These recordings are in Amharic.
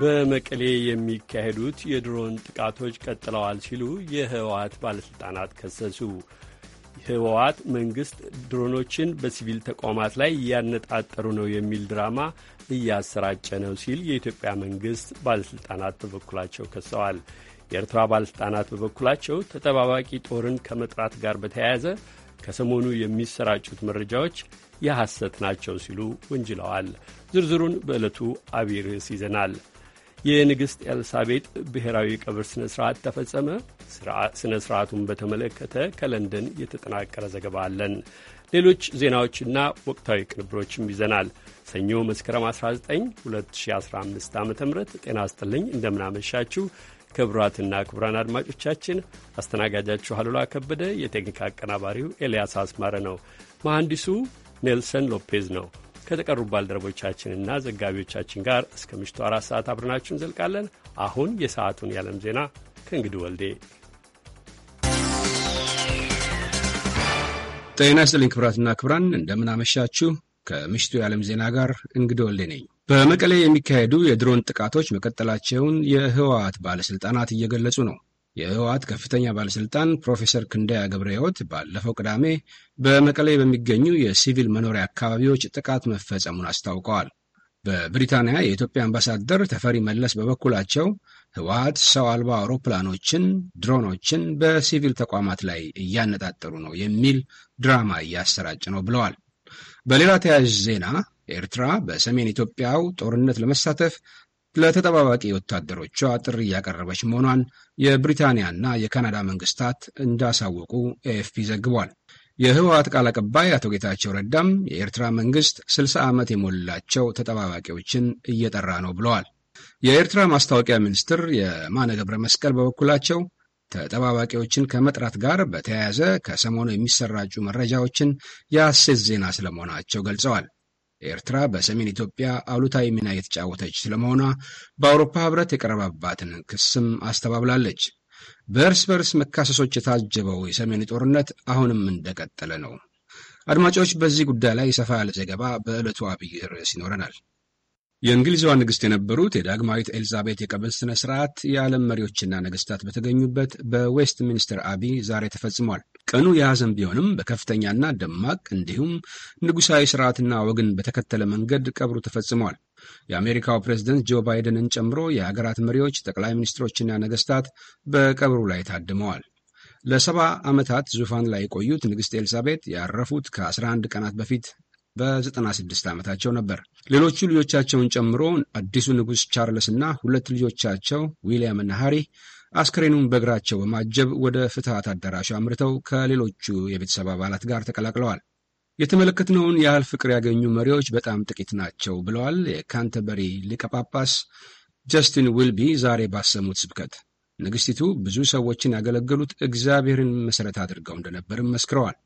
በመቀሌ የሚካሄዱት የድሮን ጥቃቶች ቀጥለዋል ሲሉ የህወሓት ባለሥልጣናት ከሰሱ። ህወሓት መንግሥት ድሮኖችን በሲቪል ተቋማት ላይ እያነጣጠሩ ነው የሚል ድራማ እያሰራጨ ነው ሲል የኢትዮጵያ መንግሥት ባለሥልጣናት በበኩላቸው ከሰዋል። የኤርትራ ባለሥልጣናት በበኩላቸው ተጠባባቂ ጦርን ከመጥራት ጋር በተያያዘ ከሰሞኑ የሚሰራጩት መረጃዎች የሐሰት ናቸው ሲሉ ወንጅለዋል። ዝርዝሩን በዕለቱ አብይ ርዕስ ይዘናል። የንግሥት ኤልሳቤጥ ብሔራዊ ቀብር ሥነ ሥርዓት ተፈጸመ። ሥነ ሥርዓቱን በተመለከተ ከለንደን የተጠናቀረ ዘገባ አለን። ሌሎች ዜናዎችና ወቅታዊ ቅንብሮችም ይዘናል። ሰኞ መስከረም 19 2015 ዓ ም ጤና ይስጥልኝ። እንደምናመሻችሁ ክቡራትና ክቡራን አድማጮቻችን አስተናጋጃችሁ አሉላ ከበደ፣ የቴክኒክ አቀናባሪው ኤልያስ አስማረ ነው። መሐንዲሱ ኔልሰን ሎፔዝ ነው። ከተቀሩ ባልደረቦቻችንና ዘጋቢዎቻችን ጋር እስከ ምሽቱ አራት ሰዓት አብረናችሁ እንዘልቃለን። አሁን የሰዓቱን የዓለም ዜና ከእንግዲህ ወልዴ። ጤና ይስጥልኝ ክብራትና ክብራን፣ እንደምናመሻችሁ። ከምሽቱ የዓለም ዜና ጋር እንግዲህ ወልዴ ነኝ። በመቀሌ የሚካሄዱ የድሮን ጥቃቶች መቀጠላቸውን የህወሓት ባለሥልጣናት እየገለጹ ነው። የህወሓት ከፍተኛ ባለሥልጣን ፕሮፌሰር ክንደያ ገብረ ሕይወት ባለፈው ቅዳሜ በመቀሌ በሚገኙ የሲቪል መኖሪያ አካባቢዎች ጥቃት መፈጸሙን አስታውቀዋል። በብሪታንያ የኢትዮጵያ አምባሳደር ተፈሪ መለስ በበኩላቸው ህወሓት ሰው አልባ አውሮፕላኖችን፣ ድሮኖችን በሲቪል ተቋማት ላይ እያነጣጠሩ ነው የሚል ድራማ እያሰራጭ ነው ብለዋል። በሌላ ተያያዥ ዜና ኤርትራ በሰሜን ኢትዮጵያው ጦርነት ለመሳተፍ ለተጠባባቂ ወታደሮቿ ጥሪ እያቀረበች መሆኗን የብሪታንያና የካናዳ መንግስታት እንዳሳወቁ ኤኤፍፒ ዘግቧል። የህወሓት ቃል አቀባይ አቶ ጌታቸው ረዳም የኤርትራ መንግስት 60 ዓመት የሞላቸው ተጠባባቂዎችን እየጠራ ነው ብለዋል። የኤርትራ ማስታወቂያ ሚኒስትር የማነ ገብረ መስቀል በበኩላቸው ተጠባባቂዎችን ከመጥራት ጋር በተያያዘ ከሰሞኑ የሚሰራጩ መረጃዎችን የሐሰት ዜና ስለመሆናቸው ገልጸዋል። ኤርትራ በሰሜን ኢትዮጵያ አሉታዊ ሚና እየተጫወተች ስለመሆኗ በአውሮፓ ህብረት የቀረበባትን ክስም አስተባብላለች። በእርስ በርስ መካሰሶች የታጀበው የሰሜን ጦርነት አሁንም እንደቀጠለ ነው። አድማጮች፣ በዚህ ጉዳይ ላይ ሰፋ ያለ ዘገባ በዕለቱ አብይ ርዕስ ይኖረናል። የእንግሊዝዋ ንግሥት የነበሩት የዳግማዊት ኤልዛቤት የቀብር ሥነ ሥርዓት የዓለም መሪዎችና ነገሥታት በተገኙበት በዌስት ሚኒስተር አቢ ዛሬ ተፈጽሟል። ቀኑ የሐዘን ቢሆንም በከፍተኛና ደማቅ እንዲሁም ንጉሣዊ ሥርዓትና ወግን በተከተለ መንገድ ቀብሩ ተፈጽሟል። የአሜሪካው ፕሬዝደንት ጆ ባይደንን ጨምሮ የአገራት መሪዎች፣ ጠቅላይ ሚኒስትሮችና ነገሥታት በቀብሩ ላይ ታድመዋል። ለሰባ ዓመታት ዙፋን ላይ የቆዩት ንግሥት ኤልሳቤት ያረፉት ከ11 ቀናት በፊት በ96 ዓመታቸው ነበር። ሌሎቹ ልጆቻቸውን ጨምሮ አዲሱ ንጉሥ ቻርልስ እና ሁለት ልጆቻቸው ዊልያም እና ሃሪ አስከሬኑን በእግራቸው በማጀብ ወደ ፍትሐት አዳራሹ አምርተው ከሌሎቹ የቤተሰብ አባላት ጋር ተቀላቅለዋል። የተመለከትነውን ያህል ፍቅር ያገኙ መሪዎች በጣም ጥቂት ናቸው ብለዋል የካንተበሪ ሊቀ ጳጳስ ጀስቲን ዊልቢ ዛሬ ባሰሙት ስብከት። ንግሥቲቱ ብዙ ሰዎችን ያገለገሉት እግዚአብሔርን መሠረት አድርገው እንደነበርም መስክረዋል።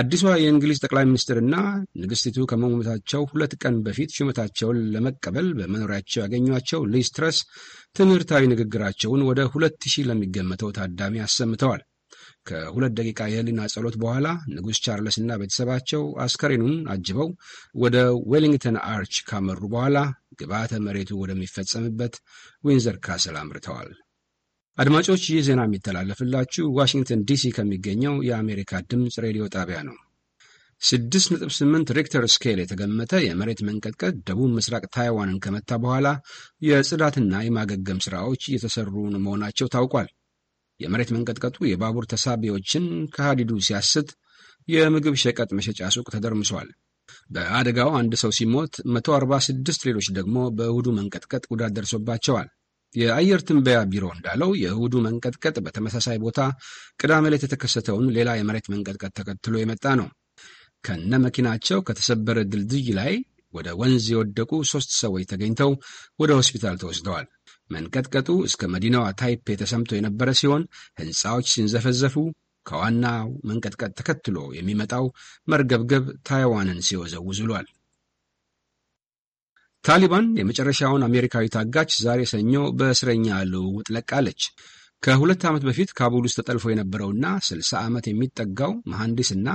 አዲሷ የእንግሊዝ ጠቅላይ ሚኒስትርና ንግስቲቱ ከመሞታቸው ሁለት ቀን በፊት ሹመታቸውን ለመቀበል በመኖሪያቸው ያገኟቸው ሊዝ ትረስ ትምህርታዊ ንግግራቸውን ወደ ሁለት ሺህ ለሚገመተው ታዳሚ አሰምተዋል። ከሁለት ደቂቃ የህሊና ጸሎት በኋላ ንጉሥ ቻርለስና ቤተሰባቸው አስከሬኑን አጅበው ወደ ዌሊንግተን አርች ካመሩ በኋላ ግብዓተ መሬቱ ወደሚፈጸምበት ዊንዘር ካስል አምርተዋል። አድማጮች ይህ ዜና የሚተላለፍላችሁ ዋሽንግተን ዲሲ ከሚገኘው የአሜሪካ ድምፅ ሬዲዮ ጣቢያ ነው። 6.8 ሪክተር ስኬል የተገመተ የመሬት መንቀጥቀጥ ደቡብ ምስራቅ ታይዋንን ከመታ በኋላ የጽዳትና የማገገም ሥራዎች እየተሰሩ መሆናቸው ታውቋል። የመሬት መንቀጥቀጡ የባቡር ተሳቢዎችን ከሀዲዱ ሲያስት የምግብ ሸቀጥ መሸጫ ሱቅ ተደርምሷል። በአደጋው አንድ ሰው ሲሞት 146 ሌሎች ደግሞ በእሁዱ መንቀጥቀጥ ጉዳት ደርሶባቸዋል። የአየር ትንበያ ቢሮ እንዳለው የእሁዱ መንቀጥቀጥ በተመሳሳይ ቦታ ቅዳሜ ላይ የተከሰተውን ሌላ የመሬት መንቀጥቀጥ ተከትሎ የመጣ ነው። ከነ መኪናቸው ከተሰበረ ድልድይ ላይ ወደ ወንዝ የወደቁ ሦስት ሰዎች ተገኝተው ወደ ሆስፒታል ተወስደዋል። መንቀጥቀጡ እስከ መዲናዋ ታይፔ ተሰምቶ የነበረ ሲሆን ሕንፃዎች ሲንዘፈዘፉ ከዋናው መንቀጥቀጥ ተከትሎ የሚመጣው መርገብገብ ታይዋንን ሲወዘውዝ ውሏል። ታሊባን የመጨረሻውን አሜሪካዊ ታጋች ዛሬ ሰኞ በእስረኛ ልውውጥ ለቃለች። ከሁለት ዓመት በፊት ካቡል ውስጥ ተጠልፎ የነበረውና 60 ዓመት የሚጠጋው መሐንዲስና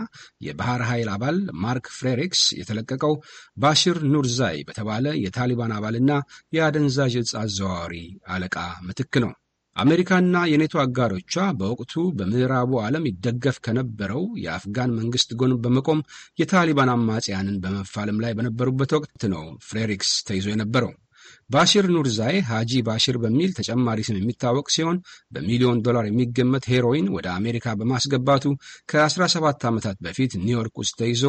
የባህር ኃይል አባል ማርክ ፍሬሪክስ የተለቀቀው ባሽር ኑርዛይ በተባለ የታሊባን አባልና የአደንዛዥ እጽ አዘዋዋሪ አለቃ ምትክ ነው። አሜሪካና የኔቶ አጋሮቿ በወቅቱ በምዕራቡ ዓለም ይደገፍ ከነበረው የአፍጋን መንግስት ጎን በመቆም የታሊባን አማጽያንን በመፋለም ላይ በነበሩበት ወቅት ነው ፍሬሪክስ ተይዞ የነበረው። ባሺር ኑርዛይ ሃጂ ባሺር በሚል ተጨማሪ ስም የሚታወቅ ሲሆን በሚሊዮን ዶላር የሚገመት ሄሮይን ወደ አሜሪካ በማስገባቱ ከ17 ዓመታት በፊት ኒውዮርክ ውስጥ ተይዞ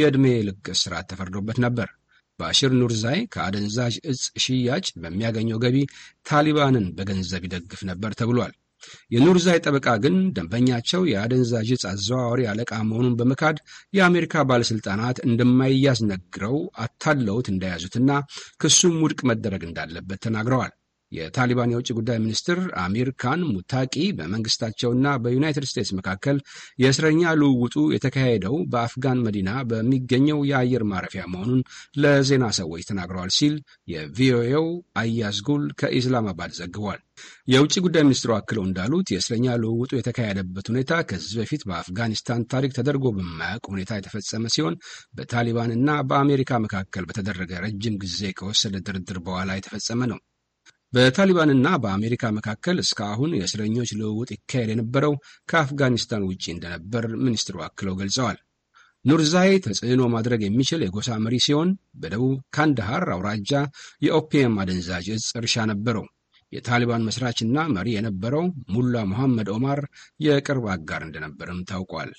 የዕድሜ ልክ እስራት ተፈርዶበት ነበር። ባሽር ኑርዛይ ከአደንዛዥ እጽ ሽያጭ በሚያገኘው ገቢ ታሊባንን በገንዘብ ይደግፍ ነበር ተብሏል። የኑርዛይ ጠበቃ ግን ደንበኛቸው የአደንዛዥ እጽ አዘዋዋሪ አለቃ መሆኑን በመካድ የአሜሪካ ባለሥልጣናት እንደማይያዝ ነግረው አታለውት እንደያዙትና ክሱም ውድቅ መደረግ እንዳለበት ተናግረዋል። የታሊባን የውጭ ጉዳይ ሚኒስትር አሚር ካን ሙታቂ በመንግስታቸውና በዩናይትድ ስቴትስ መካከል የእስረኛ ልውውጡ የተካሄደው በአፍጋን መዲና በሚገኘው የአየር ማረፊያ መሆኑን ለዜና ሰዎች ተናግረዋል ሲል የቪኦኤው አያዝ ጉል ከኢስላማባድ ዘግቧል። የውጭ ጉዳይ ሚኒስትሩ አክለው እንዳሉት የእስረኛ ልውውጡ የተካሄደበት ሁኔታ ከዚህ በፊት በአፍጋኒስታን ታሪክ ተደርጎ በማያውቅ ሁኔታ የተፈጸመ ሲሆን በታሊባን እና በአሜሪካ መካከል በተደረገ ረጅም ጊዜ ከወሰደ ድርድር በኋላ የተፈጸመ ነው። በታሊባንና በአሜሪካ መካከል እስካሁን የእስረኞች ልውውጥ ይካሄድ የነበረው ከአፍጋኒስታን ውጭ እንደነበር ሚኒስትሩ አክለው ገልጸዋል። ኑርዛይ ተጽዕኖ ማድረግ የሚችል የጎሳ መሪ ሲሆን በደቡብ ካንዳሃር አውራጃ የኦፒየም አደንዛዥ እጽ እርሻ ነበረው። የታሊባን መስራችና መሪ የነበረው ሙላ ሙሐመድ ኦማር የቅርብ አጋር እንደነበርም ታውቋል።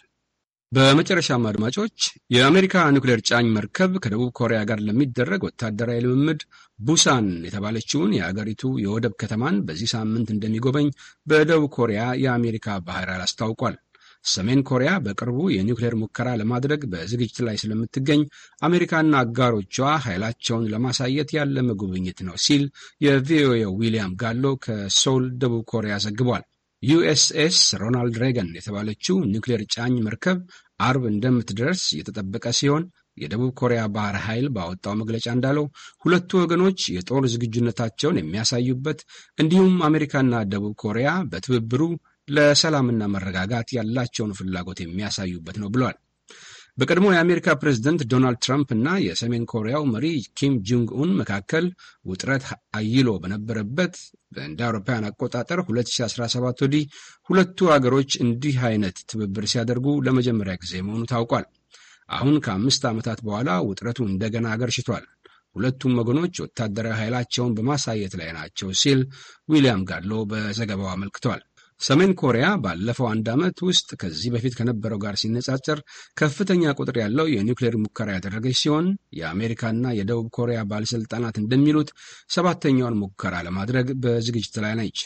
በመጨረሻም አድማጮች የአሜሪካ ኒውክሌር ጫኝ መርከብ ከደቡብ ኮሪያ ጋር ለሚደረግ ወታደራዊ ልምምድ ቡሳን የተባለችውን የአገሪቱ የወደብ ከተማን በዚህ ሳምንት እንደሚጎበኝ በደቡብ ኮሪያ የአሜሪካ ባህር ኃይል አስታውቋል። ሰሜን ኮሪያ በቅርቡ የኒውክሌር ሙከራ ለማድረግ በዝግጅት ላይ ስለምትገኝ አሜሪካና አጋሮቿ ኃይላቸውን ለማሳየት ያለመ ጉብኝት ነው ሲል የቪኦኤ ዊሊያም ጋሎ ከሶል ደቡብ ኮሪያ ዘግቧል። ዩኤስኤስ ሮናልድ ሬገን የተባለችው ኒውክሌር ጫኝ መርከብ አርብ እንደምትደርስ የተጠበቀ ሲሆን የደቡብ ኮሪያ ባህር ኃይል ባወጣው መግለጫ እንዳለው ሁለቱ ወገኖች የጦር ዝግጁነታቸውን የሚያሳዩበት እንዲሁም አሜሪካና ደቡብ ኮሪያ በትብብሩ ለሰላምና መረጋጋት ያላቸውን ፍላጎት የሚያሳዩበት ነው ብሏል። በቀድሞ የአሜሪካ ፕሬዝደንት ዶናልድ ትራምፕ እና የሰሜን ኮሪያው መሪ ኪም ጆንግ ኡን መካከል ውጥረት አይሎ በነበረበት እንደ አውሮፓውያን አቆጣጠር 2017 ወዲህ ሁለቱ አገሮች እንዲህ አይነት ትብብር ሲያደርጉ ለመጀመሪያ ጊዜ መሆኑ ታውቋል። አሁን ከአምስት ዓመታት በኋላ ውጥረቱ እንደገና አገርሽቷል። ሁለቱም ወገኖች ወታደራዊ ኃይላቸውን በማሳየት ላይ ናቸው ሲል ዊሊያም ጋድሎ በዘገባው አመልክቷል። ሰሜን ኮሪያ ባለፈው አንድ ዓመት ውስጥ ከዚህ በፊት ከነበረው ጋር ሲነጻጸር ከፍተኛ ቁጥር ያለው የኒውክሌር ሙከራ ያደረገች ሲሆን የአሜሪካና የደቡብ ኮሪያ ባለሥልጣናት እንደሚሉት ሰባተኛውን ሙከራ ለማድረግ በዝግጅት ላይ ነች።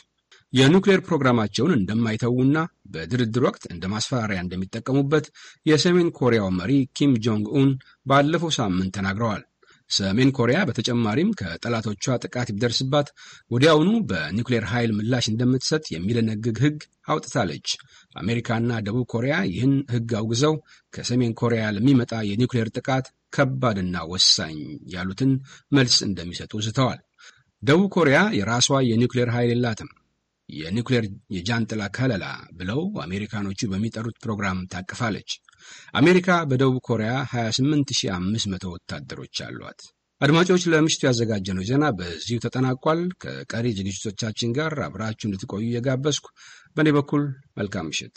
የኒውክሌር ፕሮግራማቸውን እንደማይተዉና በድርድር ወቅት እንደ ማስፈራሪያ እንደሚጠቀሙበት የሰሜን ኮሪያው መሪ ኪም ጆንግ ኡን ባለፈው ሳምንት ተናግረዋል። ሰሜን ኮሪያ በተጨማሪም ከጠላቶቿ ጥቃት ቢደርስባት ወዲያውኑ በኒውክሌር ኃይል ምላሽ እንደምትሰጥ የሚደነግግ ሕግ አውጥታለች። አሜሪካና ደቡብ ኮሪያ ይህን ሕግ አውግዘው ከሰሜን ኮሪያ ለሚመጣ የኒውክሌር ጥቃት ከባድና ወሳኝ ያሉትን መልስ እንደሚሰጡ ዝተዋል። ደቡብ ኮሪያ የራሷ የኒውክሌር ኃይል የላትም። የኒውክሌር የጃንጥላ ከለላ ብለው አሜሪካኖቹ በሚጠሩት ፕሮግራም ታቅፋለች። አሜሪካ በደቡብ ኮሪያ 28500 ወታደሮች አሏት። አድማጮች፣ ለምሽቱ ያዘጋጀነው ዜና በዚሁ ተጠናቋል። ከቀሪ ዝግጅቶቻችን ጋር አብራችሁ እንድትቆዩ እየጋበዝኩ በእኔ በኩል መልካም ምሽት።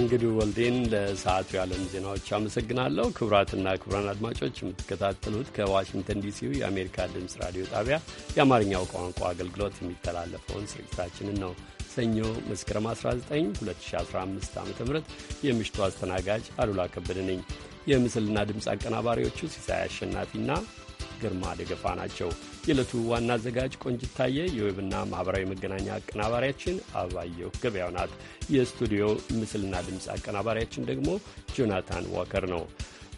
እንግዲህ ወልዴን ለሰዓቱ የዓለም ዜናዎች አመሰግናለሁ። ክቡራትና ክቡራን አድማጮች የምትከታተሉት ከዋሽንግተን ዲሲው የአሜሪካ ድምፅ ራዲዮ ጣቢያ የአማርኛው ቋንቋ አገልግሎት የሚተላለፈውን ስርጭታችንን ነው። ሰኞ መስከረም 19 2015 ዓ ም የምሽቱ አስተናጋጅ አሉላ ከበደ ነኝ። የምስልና ድምፅ አቀናባሪዎቹ ሲሳይ አሸናፊና ግርማ ደገፋ ናቸው። የዕለቱ ዋና አዘጋጅ ቆንጅታየ፣ የዌብና ማኅበራዊ መገናኛ አቀናባሪያችን አበባየሁ ገበያው ናት። የስቱዲዮ ምስልና ድምፅ አቀናባሪያችን ደግሞ ጆናታን ዋከር ነው።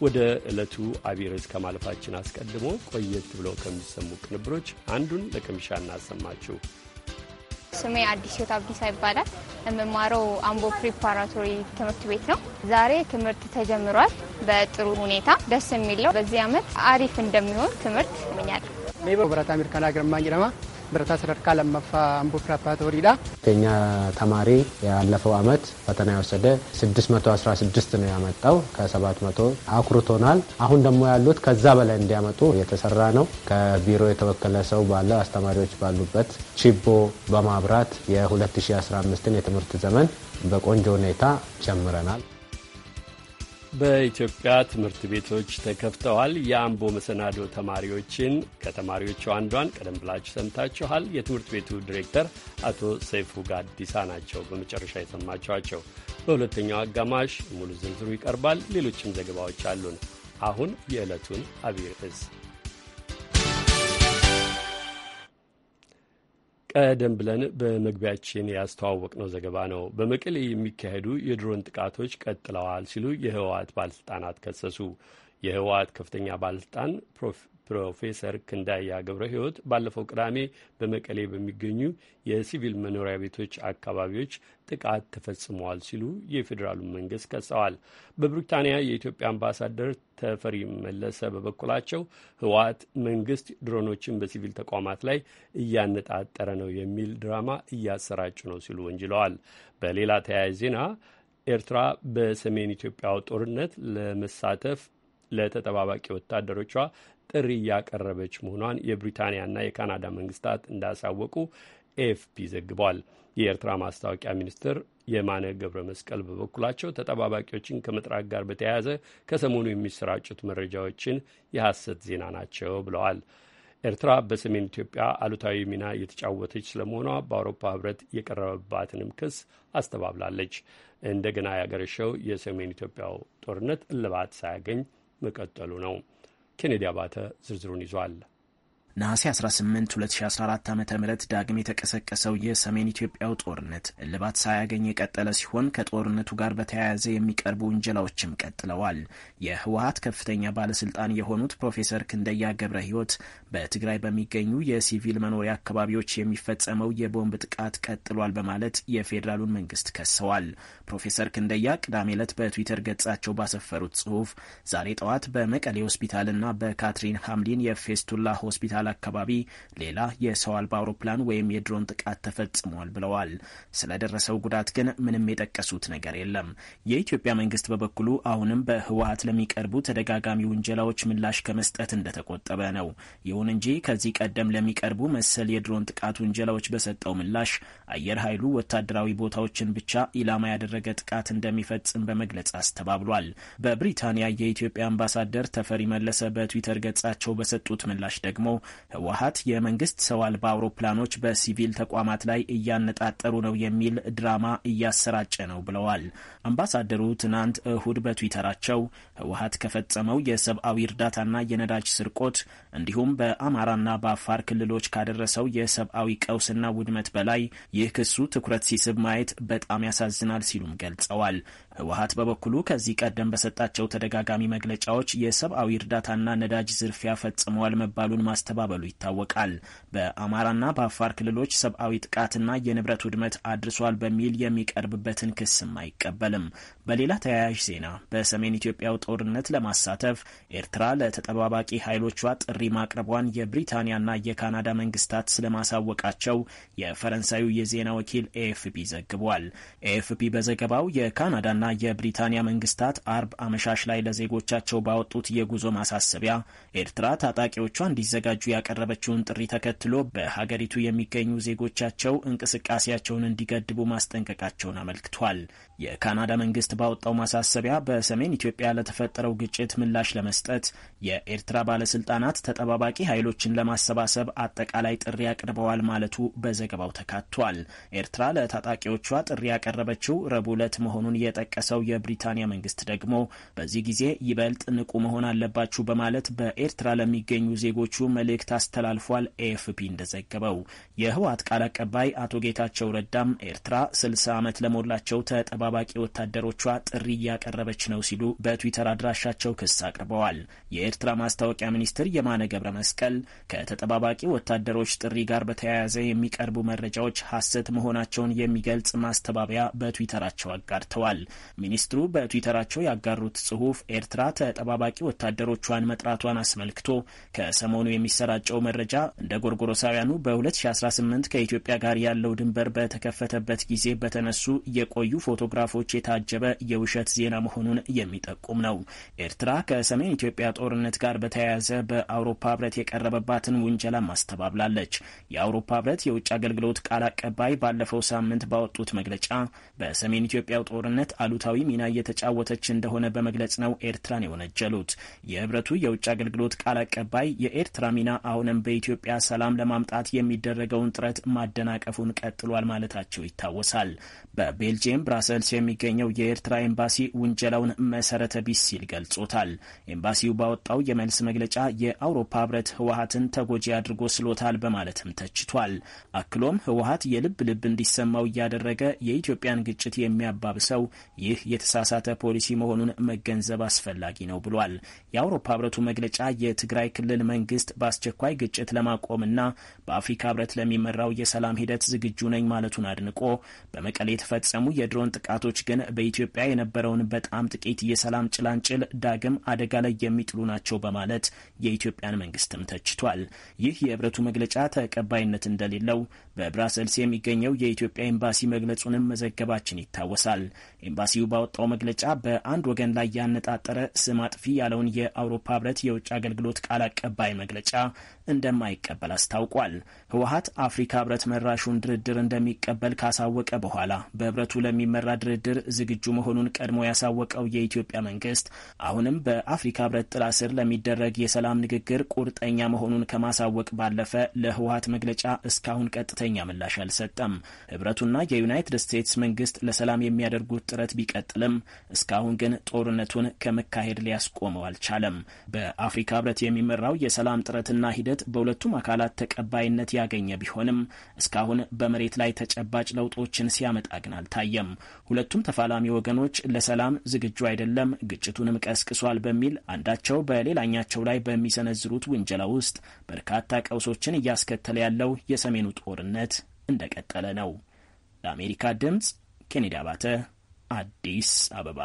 ወደ ዕለቱ አቢይ ርዕስ ከማለፋችን አስቀድሞ ቆየት ብለው ከሚሰሙ ቅንብሮች አንዱን ለቅምሻ እናሰማችሁ። ስሜ አዲስዮት አብዲሳ ይባላል። የምማረው አምቦ ፕሪፓራቶሪ ትምህርት ቤት ነው። ዛሬ ትምህርት ተጀምሯል በጥሩ ሁኔታ። ደስ የሚለው በዚህ አመት አሪፍ እንደሚሆን ትምህርት እመኛለሁ። ብረታ ብረታ ለመፋ አንቡ ከኛ ተማሪ ያለፈው አመት ፈተና የወሰደ 616 ነው ያመጣው፣ ከ700 አኩርቶናል። አሁን ደግሞ ያሉት ከዛ በላይ እንዲያመጡ የተሰራ ነው። ከቢሮ የተወከለ ሰው ባለ አስተማሪዎች ባሉበት ችቦ በማብራት የ2015ን የትምህርት ዘመን በቆንጆ ሁኔታ ጀምረናል። በኢትዮጵያ ትምህርት ቤቶች ተከፍተዋል። የአምቦ መሰናዶ ተማሪዎችን ከተማሪዎቹ አንዷን ቀደም ብላችሁ ሰምታችኋል። የትምህርት ቤቱ ዲሬክተር አቶ ሰይፉ ጋዲሳ ናቸው በመጨረሻ የሰማችኋቸው። በሁለተኛው አጋማሽ ሙሉ ዝርዝሩ ይቀርባል። ሌሎችም ዘገባዎች አሉን። አሁን የዕለቱን አብይ ርዕስ ቀደም ብለን በመግቢያችን ያስተዋወቅነው ዘገባ ነው። በመቀሌ የሚካሄዱ የድሮን ጥቃቶች ቀጥለዋል ሲሉ የህወሓት ባለስልጣናት ከሰሱ። የህወሓት ከፍተኛ ባለስልጣን ፕሮፌሰር ክንዳያ ገብረ ሕይወት ባለፈው ቅዳሜ በመቀሌ በሚገኙ የሲቪል መኖሪያ ቤቶች አካባቢዎች ጥቃት ተፈጽመዋል ሲሉ የፌዴራሉ መንግስት ከሰዋል። በብሪታንያ የኢትዮጵያ አምባሳደር ተፈሪ መለሰ በበኩላቸው ህወሓት መንግስት ድሮኖችን በሲቪል ተቋማት ላይ እያነጣጠረ ነው የሚል ድራማ እያሰራጩ ነው ሲሉ ወንጅለዋል። በሌላ ተያያዥ ዜና ኤርትራ በሰሜን ኢትዮጵያው ጦርነት ለመሳተፍ ለተጠባባቂ ወታደሮቿ ጥሪ እያቀረበች መሆኗን የብሪታንያና የካናዳ መንግስታት እንዳሳወቁ ኤፍፒ ዘግቧል። የኤርትራ ማስታወቂያ ሚኒስትር የማነ ገብረ መስቀል በበኩላቸው ተጠባባቂዎችን ከመጥራት ጋር በተያያዘ ከሰሞኑ የሚሰራጩት መረጃዎችን የሐሰት ዜና ናቸው ብለዋል። ኤርትራ በሰሜን ኢትዮጵያ አሉታዊ ሚና የተጫወተች ስለመሆኗ በአውሮፓ ህብረት የቀረበባትንም ክስ አስተባብላለች። እንደገና ያገረሸው የሰሜን ኢትዮጵያው ጦርነት እልባት ሳያገኝ መቀጠሉ ነው። ኬኔዲ አባተ ዝርዝሩን ይዟል። ነሐሴ 18 2014 ዓ ም ዳግም የተቀሰቀሰው የሰሜን ኢትዮጵያው ጦርነት እልባት ሳያገኝ የቀጠለ ሲሆን ከጦርነቱ ጋር በተያያዘ የሚቀርቡ ውንጀላዎችም ቀጥለዋል። የህወሀት ከፍተኛ ባለስልጣን የሆኑት ፕሮፌሰር ክንደያ ገብረ ህይወት በትግራይ በሚገኙ የሲቪል መኖሪያ አካባቢዎች የሚፈጸመው የቦምብ ጥቃት ቀጥሏል በማለት የፌዴራሉን መንግስት ከሰዋል። ፕሮፌሰር ክንደያ ቅዳሜ ዕለት በትዊተር ገጻቸው ባሰፈሩት ጽሁፍ ዛሬ ጠዋት በመቀሌ ሆስፒታልና በካትሪን ሀምሊን የፌስቱላ ሆስፒታል ሞያል አካባቢ ሌላ የሰው አልባ አውሮፕላን ወይም የድሮን ጥቃት ተፈጽሟል ብለዋል። ስለደረሰው ጉዳት ግን ምንም የጠቀሱት ነገር የለም። የኢትዮጵያ መንግስት በበኩሉ አሁንም በህወሀት ለሚቀርቡ ተደጋጋሚ ውንጀላዎች ምላሽ ከመስጠት እንደተቆጠበ ነው። ይሁን እንጂ ከዚህ ቀደም ለሚቀርቡ መሰል የድሮን ጥቃት ውንጀላዎች በሰጠው ምላሽ አየር ኃይሉ ወታደራዊ ቦታዎችን ብቻ ኢላማ ያደረገ ጥቃት እንደሚፈጽም በመግለጽ አስተባብሏል። በብሪታንያ የኢትዮጵያ አምባሳደር ተፈሪ መለሰ በትዊተር ገጻቸው በሰጡት ምላሽ ደግሞ ህወሀት የመንግስት ሰው አልባ አውሮፕላኖች በሲቪል ተቋማት ላይ እያነጣጠሩ ነው የሚል ድራማ እያሰራጨ ነው ብለዋል። አምባሳደሩ ትናንት እሁድ በትዊተራቸው ህወሀት ከፈጸመው የሰብአዊ እርዳታና የነዳጅ ስርቆት እንዲሁም በአማራና በአፋር ክልሎች ካደረሰው የሰብአዊ ቀውስና ውድመት በላይ ይህ ክሱ ትኩረት ሲስብ ማየት በጣም ያሳዝናል ሲሉም ገልጸዋል። ህወሀት በበኩሉ ከዚህ ቀደም በሰጣቸው ተደጋጋሚ መግለጫዎች የሰብአዊ እርዳታና ነዳጅ ዝርፊያ ፈጽመዋል መባሉን ማስተባበሉ ይታወቃል። በአማራና በአፋር ክልሎች ሰብአዊ ጥቃትና የንብረት ውድመት አድርሷል በሚል የሚቀርብበትን ክስም አይቀበልም። በሌላ ተያያዥ ዜና በሰሜን ኢትዮጵያው ጦርነት ለማሳተፍ ኤርትራ ለተጠባባቂ ኃይሎቿ ጥሪ ማቅረቧን የብሪታንያና የካናዳ መንግስታት ስለማሳወቃቸው የፈረንሳዩ የዜና ወኪል ኤኤፍፒ ዘግቧል። ኤኤፍፒ በዘገባው የካናዳና የብሪታንያ መንግስታት አርብ አመሻሽ ላይ ለዜጎቻቸው ባወጡት የጉዞ ማሳሰቢያ ኤርትራ ታጣቂዎቿ እንዲዘጋጁ ያቀረበችውን ጥሪ ተከትሎ በሀገሪቱ የሚገኙ ዜጎቻቸው እንቅስቃሴያቸውን እንዲገድቡ ማስጠንቀቃቸውን አመልክቷል። የካናዳ መንግስት ባወጣው ማሳሰቢያ በሰሜን ኢትዮጵያ ለተፈጠረው ግጭት ምላሽ ለመስጠት የኤርትራ ባለስልጣናት ተጠባባቂ ኃይሎችን ለማሰባሰብ አጠቃላይ ጥሪ አቅርበዋል ማለቱ በዘገባው ተካቷል። ኤርትራ ለታጣቂዎቿ ጥሪ ያቀረበችው ረቡዕ ዕለት መሆኑን የጠቀሰው የብሪታንያ መንግስት ደግሞ በዚህ ጊዜ ይበልጥ ንቁ መሆን አለባችሁ በማለት በኤርትራ ለሚገኙ ዜጎቹ መልእክት አስተላልፏል። ኤኤፍፒ እንደዘገበው የህወሓት ቃል አቀባይ አቶ ጌታቸው ረዳም ኤርትራ 60 ዓመት ለሞላቸው ተጠባ ተጠባባቂ ወታደሮቿ ጥሪ እያቀረበች ነው ሲሉ በትዊተር አድራሻቸው ክስ አቅርበዋል። የኤርትራ ማስታወቂያ ሚኒስትር የማነ ገብረ መስቀል ከተጠባባቂ ወታደሮች ጥሪ ጋር በተያያዘ የሚቀርቡ መረጃዎች ሐሰት መሆናቸውን የሚገልጽ ማስተባበያ በትዊተራቸው አጋርተዋል። ሚኒስትሩ በትዊተራቸው ያጋሩት ጽሑፍ ኤርትራ ተጠባባቂ ወታደሮቿን መጥራቷን አስመልክቶ ከሰሞኑ የሚሰራጨው መረጃ እንደ ጎርጎሮሳውያኑ በ2018 ከኢትዮጵያ ጋር ያለው ድንበር በተከፈተበት ጊዜ በተነሱ የቆዩ ፎቶ በምዕራፎች የታጀበ የውሸት ዜና መሆኑን የሚጠቁም ነው። ኤርትራ ከሰሜን ኢትዮጵያ ጦርነት ጋር በተያያዘ በአውሮፓ ህብረት የቀረበባትን ውንጀላ ማስተባብላለች። የአውሮፓ ህብረት የውጭ አገልግሎት ቃል አቀባይ ባለፈው ሳምንት ባወጡት መግለጫ በሰሜን ኢትዮጵያው ጦርነት አሉታዊ ሚና እየተጫወተች እንደሆነ በመግለጽ ነው ኤርትራን የወነጀሉት። የህብረቱ የውጭ አገልግሎት ቃል አቀባይ የኤርትራ ሚና አሁንም በኢትዮጵያ ሰላም ለማምጣት የሚደረገውን ጥረት ማደናቀፉን ቀጥሏል ማለታቸው ይታወሳል። በቤልጅየም ብራሰል ብራስልስ የሚገኘው የኤርትራ ኤምባሲ ውንጀላውን መሰረተ ቢስ ሲል ገልጾታል። ኤምባሲው ባወጣው የመልስ መግለጫ የአውሮፓ ህብረት ህወሀትን ተጎጂ አድርጎ ስሎታል በማለትም ተችቷል። አክሎም ህወሀት የልብ ልብ እንዲሰማው እያደረገ የኢትዮጵያን ግጭት የሚያባብሰው ይህ የተሳሳተ ፖሊሲ መሆኑን መገንዘብ አስፈላጊ ነው ብሏል። የአውሮፓ ህብረቱ መግለጫ የትግራይ ክልል መንግስት በአስቸኳይ ግጭት ለማቆምና በአፍሪካ ህብረት ለሚመራው የሰላም ሂደት ዝግጁ ነኝ ማለቱን አድንቆ በመቀሌ የተፈጸሙ የድሮን ጥቃት ጥቃቶች ግን በኢትዮጵያ የነበረውን በጣም ጥቂት የሰላም ጭላንጭል ዳግም አደጋ ላይ የሚጥሉ ናቸው በማለት የኢትዮጵያን መንግስትም ተችቷል። ይህ የህብረቱ መግለጫ ተቀባይነት እንደሌለው በብራሰልስ የሚገኘው የኢትዮጵያ ኤምባሲ መግለጹንም መዘገባችን ይታወሳል። ኤምባሲው ባወጣው መግለጫ በአንድ ወገን ላይ ያነጣጠረ ስም አጥፊ ያለውን የአውሮፓ ህብረት የውጭ አገልግሎት ቃል አቀባይ መግለጫ እንደማይቀበል አስታውቋል። ህወሀት አፍሪካ ህብረት መራሹን ድርድር እንደሚቀበል ካሳወቀ በኋላ በህብረቱ ለሚመራ ድርድር ዝግጁ መሆኑን ቀድሞ ያሳወቀው የኢትዮጵያ መንግስት አሁንም በአፍሪካ ህብረት ጥላ ስር ለሚደረግ የሰላም ንግግር ቁርጠኛ መሆኑን ከማሳወቅ ባለፈ ለህወሀት መግለጫ እስካሁን ቀጥተኛ ምላሽ አልሰጠም። ህብረቱና የዩናይትድ ስቴትስ መንግስት ለሰላም የሚያደርጉት ጥረት ቢቀጥልም እስካሁን ግን ጦርነቱን ከመካሄድ ሊያስቆመው አልቻለም። በአፍሪካ ህብረት የሚመራው የሰላም ጥረትና ሂደት በሁለቱም አካላት ተቀባይነት ያገኘ ቢሆንም እስካሁን በመሬት ላይ ተጨባጭ ለውጦችን ሲያመጣ ግን አልታየም። ሁለቱም ተፋላሚ ወገኖች ለሰላም ዝግጁ አይደለም፣ ግጭቱንም ቀስቅሷል በሚል አንዳቸው በሌላኛቸው ላይ በሚሰነዝሩት ውንጀላ ውስጥ በርካታ ቀውሶችን እያስከተለ ያለው የሰሜኑ ጦርነት እንደቀጠለ ነው። ለአሜሪካ ድምፅ ኬኔዲ አባተ አዲስ አበባ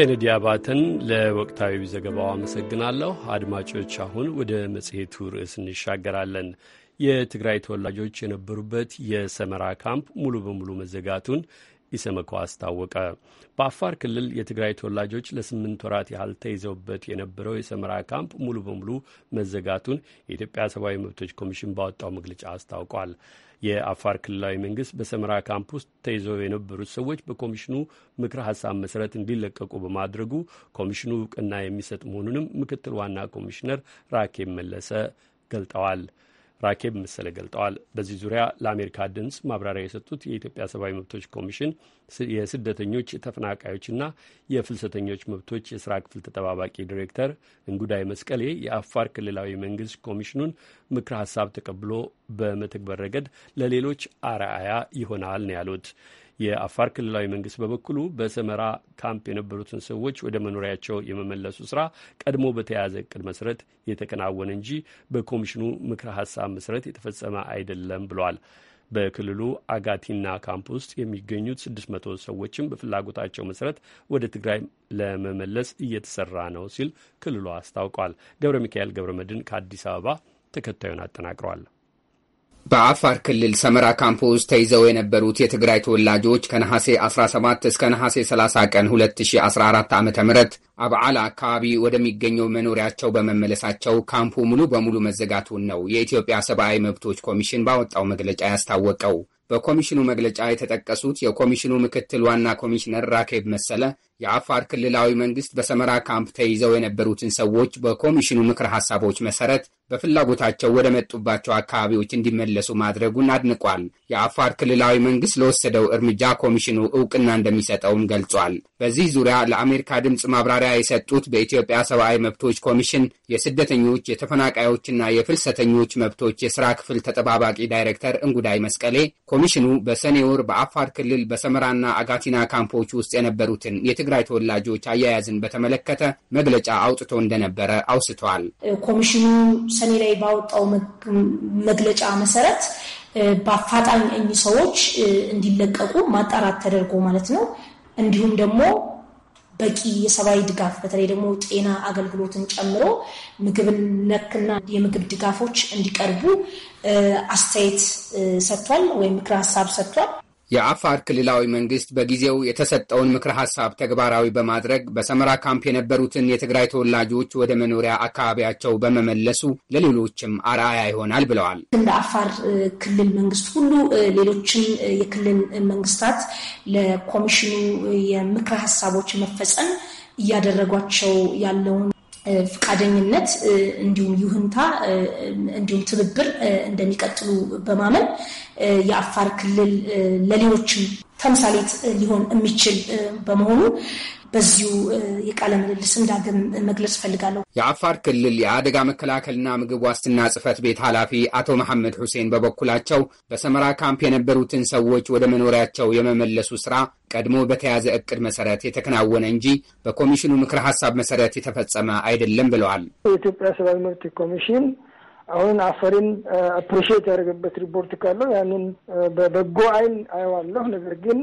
ኬኔዲ አባተን ለወቅታዊ ዘገባው አመሰግናለሁ። አድማጮች፣ አሁን ወደ መጽሔቱ ርዕስ እንሻገራለን። የትግራይ ተወላጆች የነበሩበት የሰመራ ካምፕ ሙሉ በሙሉ መዘጋቱን ኢሰመኮ አስታወቀ። በአፋር ክልል የትግራይ ተወላጆች ለስምንት ወራት ያህል ተይዘውበት የነበረው የሰመራ ካምፕ ሙሉ በሙሉ መዘጋቱን የኢትዮጵያ ሰብአዊ መብቶች ኮሚሽን ባወጣው መግለጫ አስታውቋል። የአፋር ክልላዊ መንግስት በሰመራ ካምፕ ውስጥ ተይዘው የነበሩት ሰዎች በኮሚሽኑ ምክረ ሀሳብ መሰረት እንዲለቀቁ በማድረጉ ኮሚሽኑ እውቅና የሚሰጥ መሆኑንም ምክትል ዋና ኮሚሽነር ራኬ መለሰ ገልጠዋል። ራኬብ መሰለ ገልጠዋል። በዚህ ዙሪያ ለአሜሪካ ድምፅ ማብራሪያ የሰጡት የኢትዮጵያ ሰብአዊ መብቶች ኮሚሽን የስደተኞች ተፈናቃዮችና የፍልሰተኞች መብቶች የስራ ክፍል ተጠባባቂ ዲሬክተር እንጉዳይ መስቀሌ የአፋር ክልላዊ መንግስት ኮሚሽኑን ምክር ሀሳብ ተቀብሎ በመተግበር ረገድ ለሌሎች አርአያ ይሆናል ነው ያሉት። የአፋር ክልላዊ መንግስት በበኩሉ በሰመራ ካምፕ የነበሩትን ሰዎች ወደ መኖሪያቸው የመመለሱ ስራ ቀድሞ በተያያዘ እቅድ መሰረት የተከናወነ እንጂ በኮሚሽኑ ምክረ ሀሳብ መሰረት የተፈጸመ አይደለም ብሏል። በክልሉ አጋቲና ካምፕ ውስጥ የሚገኙት 600 ሰዎችም በፍላጎታቸው መሰረት ወደ ትግራይ ለመመለስ እየተሰራ ነው ሲል ክልሉ አስታውቋል። ገብረ ሚካኤል ገብረ መድን ከአዲስ አበባ ተከታዩን አጠናቅሯል። በአፋር ክልል ሰመራ ካምፕ ውስጥ ተይዘው የነበሩት የትግራይ ተወላጆች ከነሐሴ 17 እስከ ነሐሴ 30 ቀን 2014 ዓ ም አብዓላ አካባቢ ወደሚገኘው መኖሪያቸው በመመለሳቸው ካምፑ ሙሉ በሙሉ መዘጋቱን ነው የኢትዮጵያ ሰብአዊ መብቶች ኮሚሽን ባወጣው መግለጫ ያስታወቀው። በኮሚሽኑ መግለጫ የተጠቀሱት የኮሚሽኑ ምክትል ዋና ኮሚሽነር ራኬብ መሰለ የአፋር ክልላዊ መንግስት በሰመራ ካምፕ ተይዘው የነበሩትን ሰዎች በኮሚሽኑ ምክረ ሐሳቦች መሰረት በፍላጎታቸው ወደ መጡባቸው አካባቢዎች እንዲመለሱ ማድረጉን አድንቋል። የአፋር ክልላዊ መንግስት ለወሰደው እርምጃ ኮሚሽኑ እውቅና እንደሚሰጠውም ገልጿል። በዚህ ዙሪያ ለአሜሪካ ድምፅ ማብራሪያ የሰጡት በኢትዮጵያ ሰብአዊ መብቶች ኮሚሽን የስደተኞች የተፈናቃዮችና የፍልሰተኞች መብቶች የስራ ክፍል ተጠባባቂ ዳይሬክተር እንጉዳይ መስቀሌ ኮሚሽኑ በሰኔ ወር በአፋር ክልል በሰመራና አጋቲና ካምፖች ውስጥ የነበሩትን የትግ የትግራይ ተወላጆች አያያዝን በተመለከተ መግለጫ አውጥቶ እንደነበረ አውስተዋል። ኮሚሽኑ ሰኔ ላይ ባወጣው መግለጫ መሰረት በአፋጣኝ እኚህ ሰዎች እንዲለቀቁ ማጣራት ተደርጎ ማለት ነው። እንዲሁም ደግሞ በቂ የሰብአዊ ድጋፍ በተለይ ደግሞ ጤና አገልግሎትን ጨምሮ ምግብ ነክና የምግብ ድጋፎች እንዲቀርቡ አስተያየት ሰጥቷል ወይም ምክረ ሀሳብ ሰጥቷል። የአፋር ክልላዊ መንግስት በጊዜው የተሰጠውን ምክረ ሀሳብ ተግባራዊ በማድረግ በሰመራ ካምፕ የነበሩትን የትግራይ ተወላጆች ወደ መኖሪያ አካባቢያቸው በመመለሱ ለሌሎችም አርአያ ይሆናል ብለዋል። እንደ አፋር ክልል መንግስት ሁሉ ሌሎችም የክልል መንግስታት ለኮሚሽኑ የምክረ ሀሳቦች መፈጸም እያደረጓቸው ያለውን ፈቃደኝነት እንዲሁም ይሁንታ እንዲሁም ትብብር እንደሚቀጥሉ በማመን የአፋር ክልል ለሌሎችም ተምሳሌት ሊሆን የሚችል በመሆኑ በዚሁ የቃለ ምልልስ እንዳገም መግለጽ እፈልጋለሁ። የአፋር ክልል የአደጋ መከላከልና ምግብ ዋስትና ጽህፈት ቤት ኃላፊ አቶ መሐመድ ሁሴን በበኩላቸው በሰመራ ካምፕ የነበሩትን ሰዎች ወደ መኖሪያቸው የመመለሱ ስራ ቀድሞ በተያዘ እቅድ መሰረት የተከናወነ እንጂ በኮሚሽኑ ምክረ ሀሳብ መሰረት የተፈጸመ አይደለም ብለዋል። የኢትዮጵያ ሰብአዊ መብት ኮሚሽን አሁን አፈርን አፕሪሺየት ያደረገበት ሪፖርት ካለው ያንን በበጎ አይን አየዋለሁ። ነገር ግን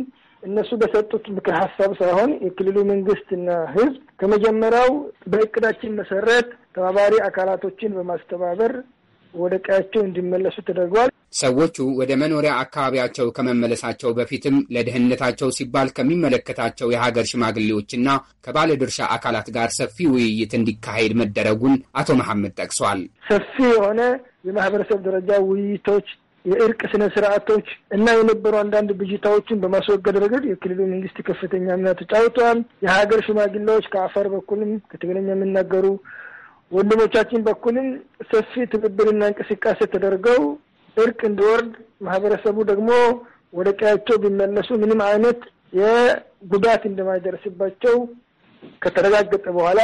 እነሱ በሰጡት ምክር ሀሳብ ሳይሆን የክልሉ መንግስትና ህዝብ ከመጀመሪያው በእቅዳችን መሰረት ተባባሪ አካላቶችን በማስተባበር ወደ ቀያቸው እንዲመለሱ ተደርገዋል። ሰዎቹ ወደ መኖሪያ አካባቢያቸው ከመመለሳቸው በፊትም ለደህንነታቸው ሲባል ከሚመለከታቸው የሀገር ሽማግሌዎችና ከባለድርሻ አካላት ጋር ሰፊ ውይይት እንዲካሄድ መደረጉን አቶ መሐመድ ጠቅሷል። ሰፊ የሆነ የማህበረሰብ ደረጃ ውይይቶች፣ የእርቅ ስነ ስርዓቶች እና የነበሩ አንዳንድ ብዥታዎችን በማስወገድ ረገድ የክልሉ መንግስት ከፍተኛ ሚና ተጫውተዋል። የሀገር ሽማግሌዎች ከአፋር በኩልም ከትግርኛ የሚናገሩ ወንድሞቻችን በኩልም ሰፊ ትብብርና እንቅስቃሴ ተደርገው እርቅ እንዲወርድ ማህበረሰቡ ደግሞ ወደ ቀያቸው ቢመለሱ ምንም አይነት የጉዳት እንደማይደርስባቸው ከተረጋገጠ በኋላ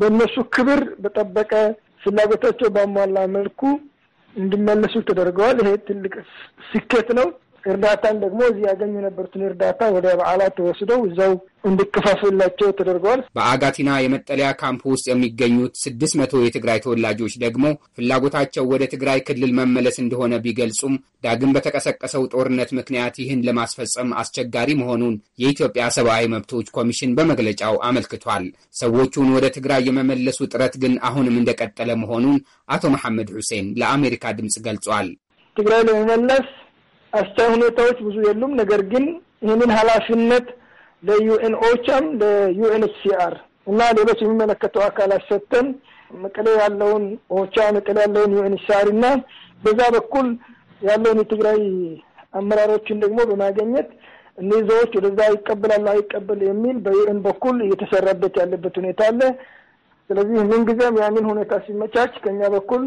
በእነሱ ክብር በጠበቀ ፍላጎታቸው ባሟላ መልኩ እንዲመለሱ ተደርገዋል። ይሄ ትልቅ ስኬት ነው። እርዳታን ደግሞ እዚህ ያገኙ የነበሩትን እርዳታ ወደ በዓላት ወስደው እዛው እንዲከፋፍላቸው ተደርገዋል። በአጋቲና የመጠለያ ካምፕ ውስጥ የሚገኙት ስድስት መቶ የትግራይ ተወላጆች ደግሞ ፍላጎታቸው ወደ ትግራይ ክልል መመለስ እንደሆነ ቢገልጹም ዳግም በተቀሰቀሰው ጦርነት ምክንያት ይህን ለማስፈጸም አስቸጋሪ መሆኑን የኢትዮጵያ ሰብአዊ መብቶች ኮሚሽን በመግለጫው አመልክቷል። ሰዎቹን ወደ ትግራይ የመመለሱ ጥረት ግን አሁንም እንደቀጠለ መሆኑን አቶ መሐመድ ሁሴን ለአሜሪካ ድምፅ ገልጿል። ትግራይ ለመመለስ አስቻይ ሁኔታዎች ብዙ የሉም። ነገር ግን ይህንን ኃላፊነት ለዩኤን ኦቻም ለዩኤንኤችሲአር እና ሌሎች የሚመለከተው አካላት ሰጥተን መቀሌ ያለውን ኦቻ መቀሌ ያለውን ዩኤንኤችሲአር እና በዛ በኩል ያለውን የትግራይ አመራሮችን ደግሞ በማገኘት እኒህ ሰዎች ወደዛ ይቀበላሉ አይቀበል የሚል በዩኤን በኩል እየተሰራበት ያለበት ሁኔታ አለ። ስለዚህ ምንጊዜም ያንን ሁኔታ ሲመቻች ከኛ በኩል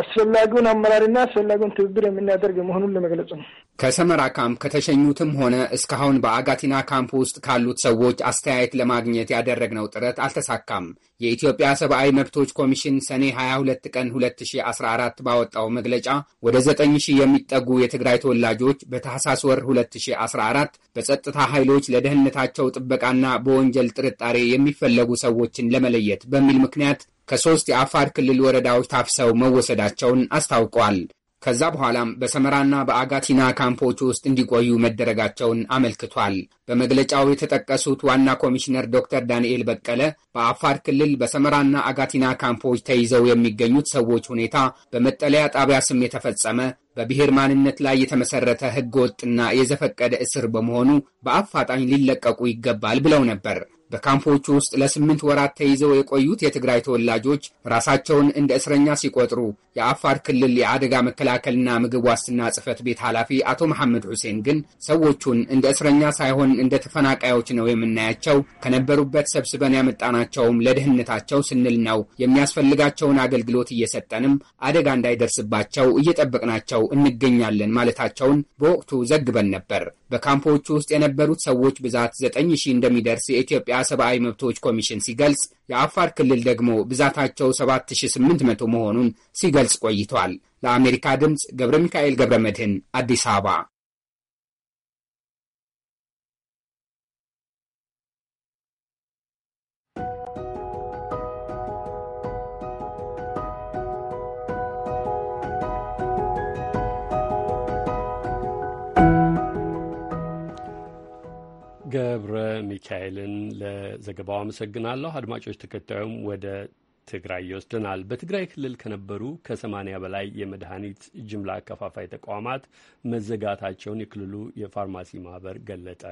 አስፈላጊውን አመራርና አስፈላጊውን ትብብር የምናደርግ መሆኑን ለመግለጽ ነው። ከሰመራ ካምፕ ከተሸኙትም ሆነ እስካሁን በአጋቲና ካምፕ ውስጥ ካሉት ሰዎች አስተያየት ለማግኘት ያደረግነው ጥረት አልተሳካም። የኢትዮጵያ ሰብአዊ መብቶች ኮሚሽን ሰኔ 22 ቀን 2014 ባወጣው መግለጫ ወደ 9000 የሚጠጉ የትግራይ ተወላጆች በታህሳስ ወር 2014 በጸጥታ ኃይሎች ለደህንነታቸው ጥበቃና በወንጀል ጥርጣሬ የሚፈለጉ ሰዎችን ለመለየት በሚል ምክንያት ከሶስት የአፋር ክልል ወረዳዎች ታፍሰው መወሰዳቸውን አስታውቀዋል። ከዛ በኋላም በሰመራና በአጋቲና ካምፖች ውስጥ እንዲቆዩ መደረጋቸውን አመልክቷል። በመግለጫው የተጠቀሱት ዋና ኮሚሽነር ዶክተር ዳንኤል በቀለ በአፋር ክልል በሰመራና አጋቲና ካምፖች ተይዘው የሚገኙት ሰዎች ሁኔታ በመጠለያ ጣቢያ ስም የተፈጸመ በብሔር ማንነት ላይ የተመሰረተ ሕገ ወጥና የዘፈቀደ እስር በመሆኑ በአፋጣኝ ሊለቀቁ ይገባል ብለው ነበር። በካምፖቹ ውስጥ ለስምንት ወራት ተይዘው የቆዩት የትግራይ ተወላጆች ራሳቸውን እንደ እስረኛ ሲቆጥሩ የአፋር ክልል የአደጋ መከላከልና ምግብ ዋስትና ጽህፈት ቤት ኃላፊ አቶ መሐመድ ሁሴን ግን ሰዎቹን እንደ እስረኛ ሳይሆን እንደ ተፈናቃዮች ነው የምናያቸው፣ ከነበሩበት ሰብስበን ያመጣናቸውም ለደህንነታቸው ስንል ነው። የሚያስፈልጋቸውን አገልግሎት እየሰጠንም አደጋ እንዳይደርስባቸው እየጠበቅናቸው እንገኛለን ማለታቸውን በወቅቱ ዘግበን ነበር። በካምፖቹ ውስጥ የነበሩት ሰዎች ብዛት ዘጠኝ ሺህ እንደሚደርስ የኢትዮጵያ ሰብአዊ መብቶች ኮሚሽን ሲገልጽ የአፋር ክልል ደግሞ ብዛታቸው 7800 መሆኑን ሲገልጽ ቆይቷል። ለአሜሪካ ድምፅ ገብረ ሚካኤል ገብረ መድህን አዲስ አበባ ገብረ ሚካኤልን ለዘገባው አመሰግናለሁ። አድማጮች፣ ተከታዩም ወደ ትግራይ ይወስደናል። በትግራይ ክልል ከነበሩ ከሰማኒያ በላይ የመድኃኒት ጅምላ አከፋፋይ ተቋማት መዘጋታቸውን የክልሉ የፋርማሲ ማህበር ገለጠ።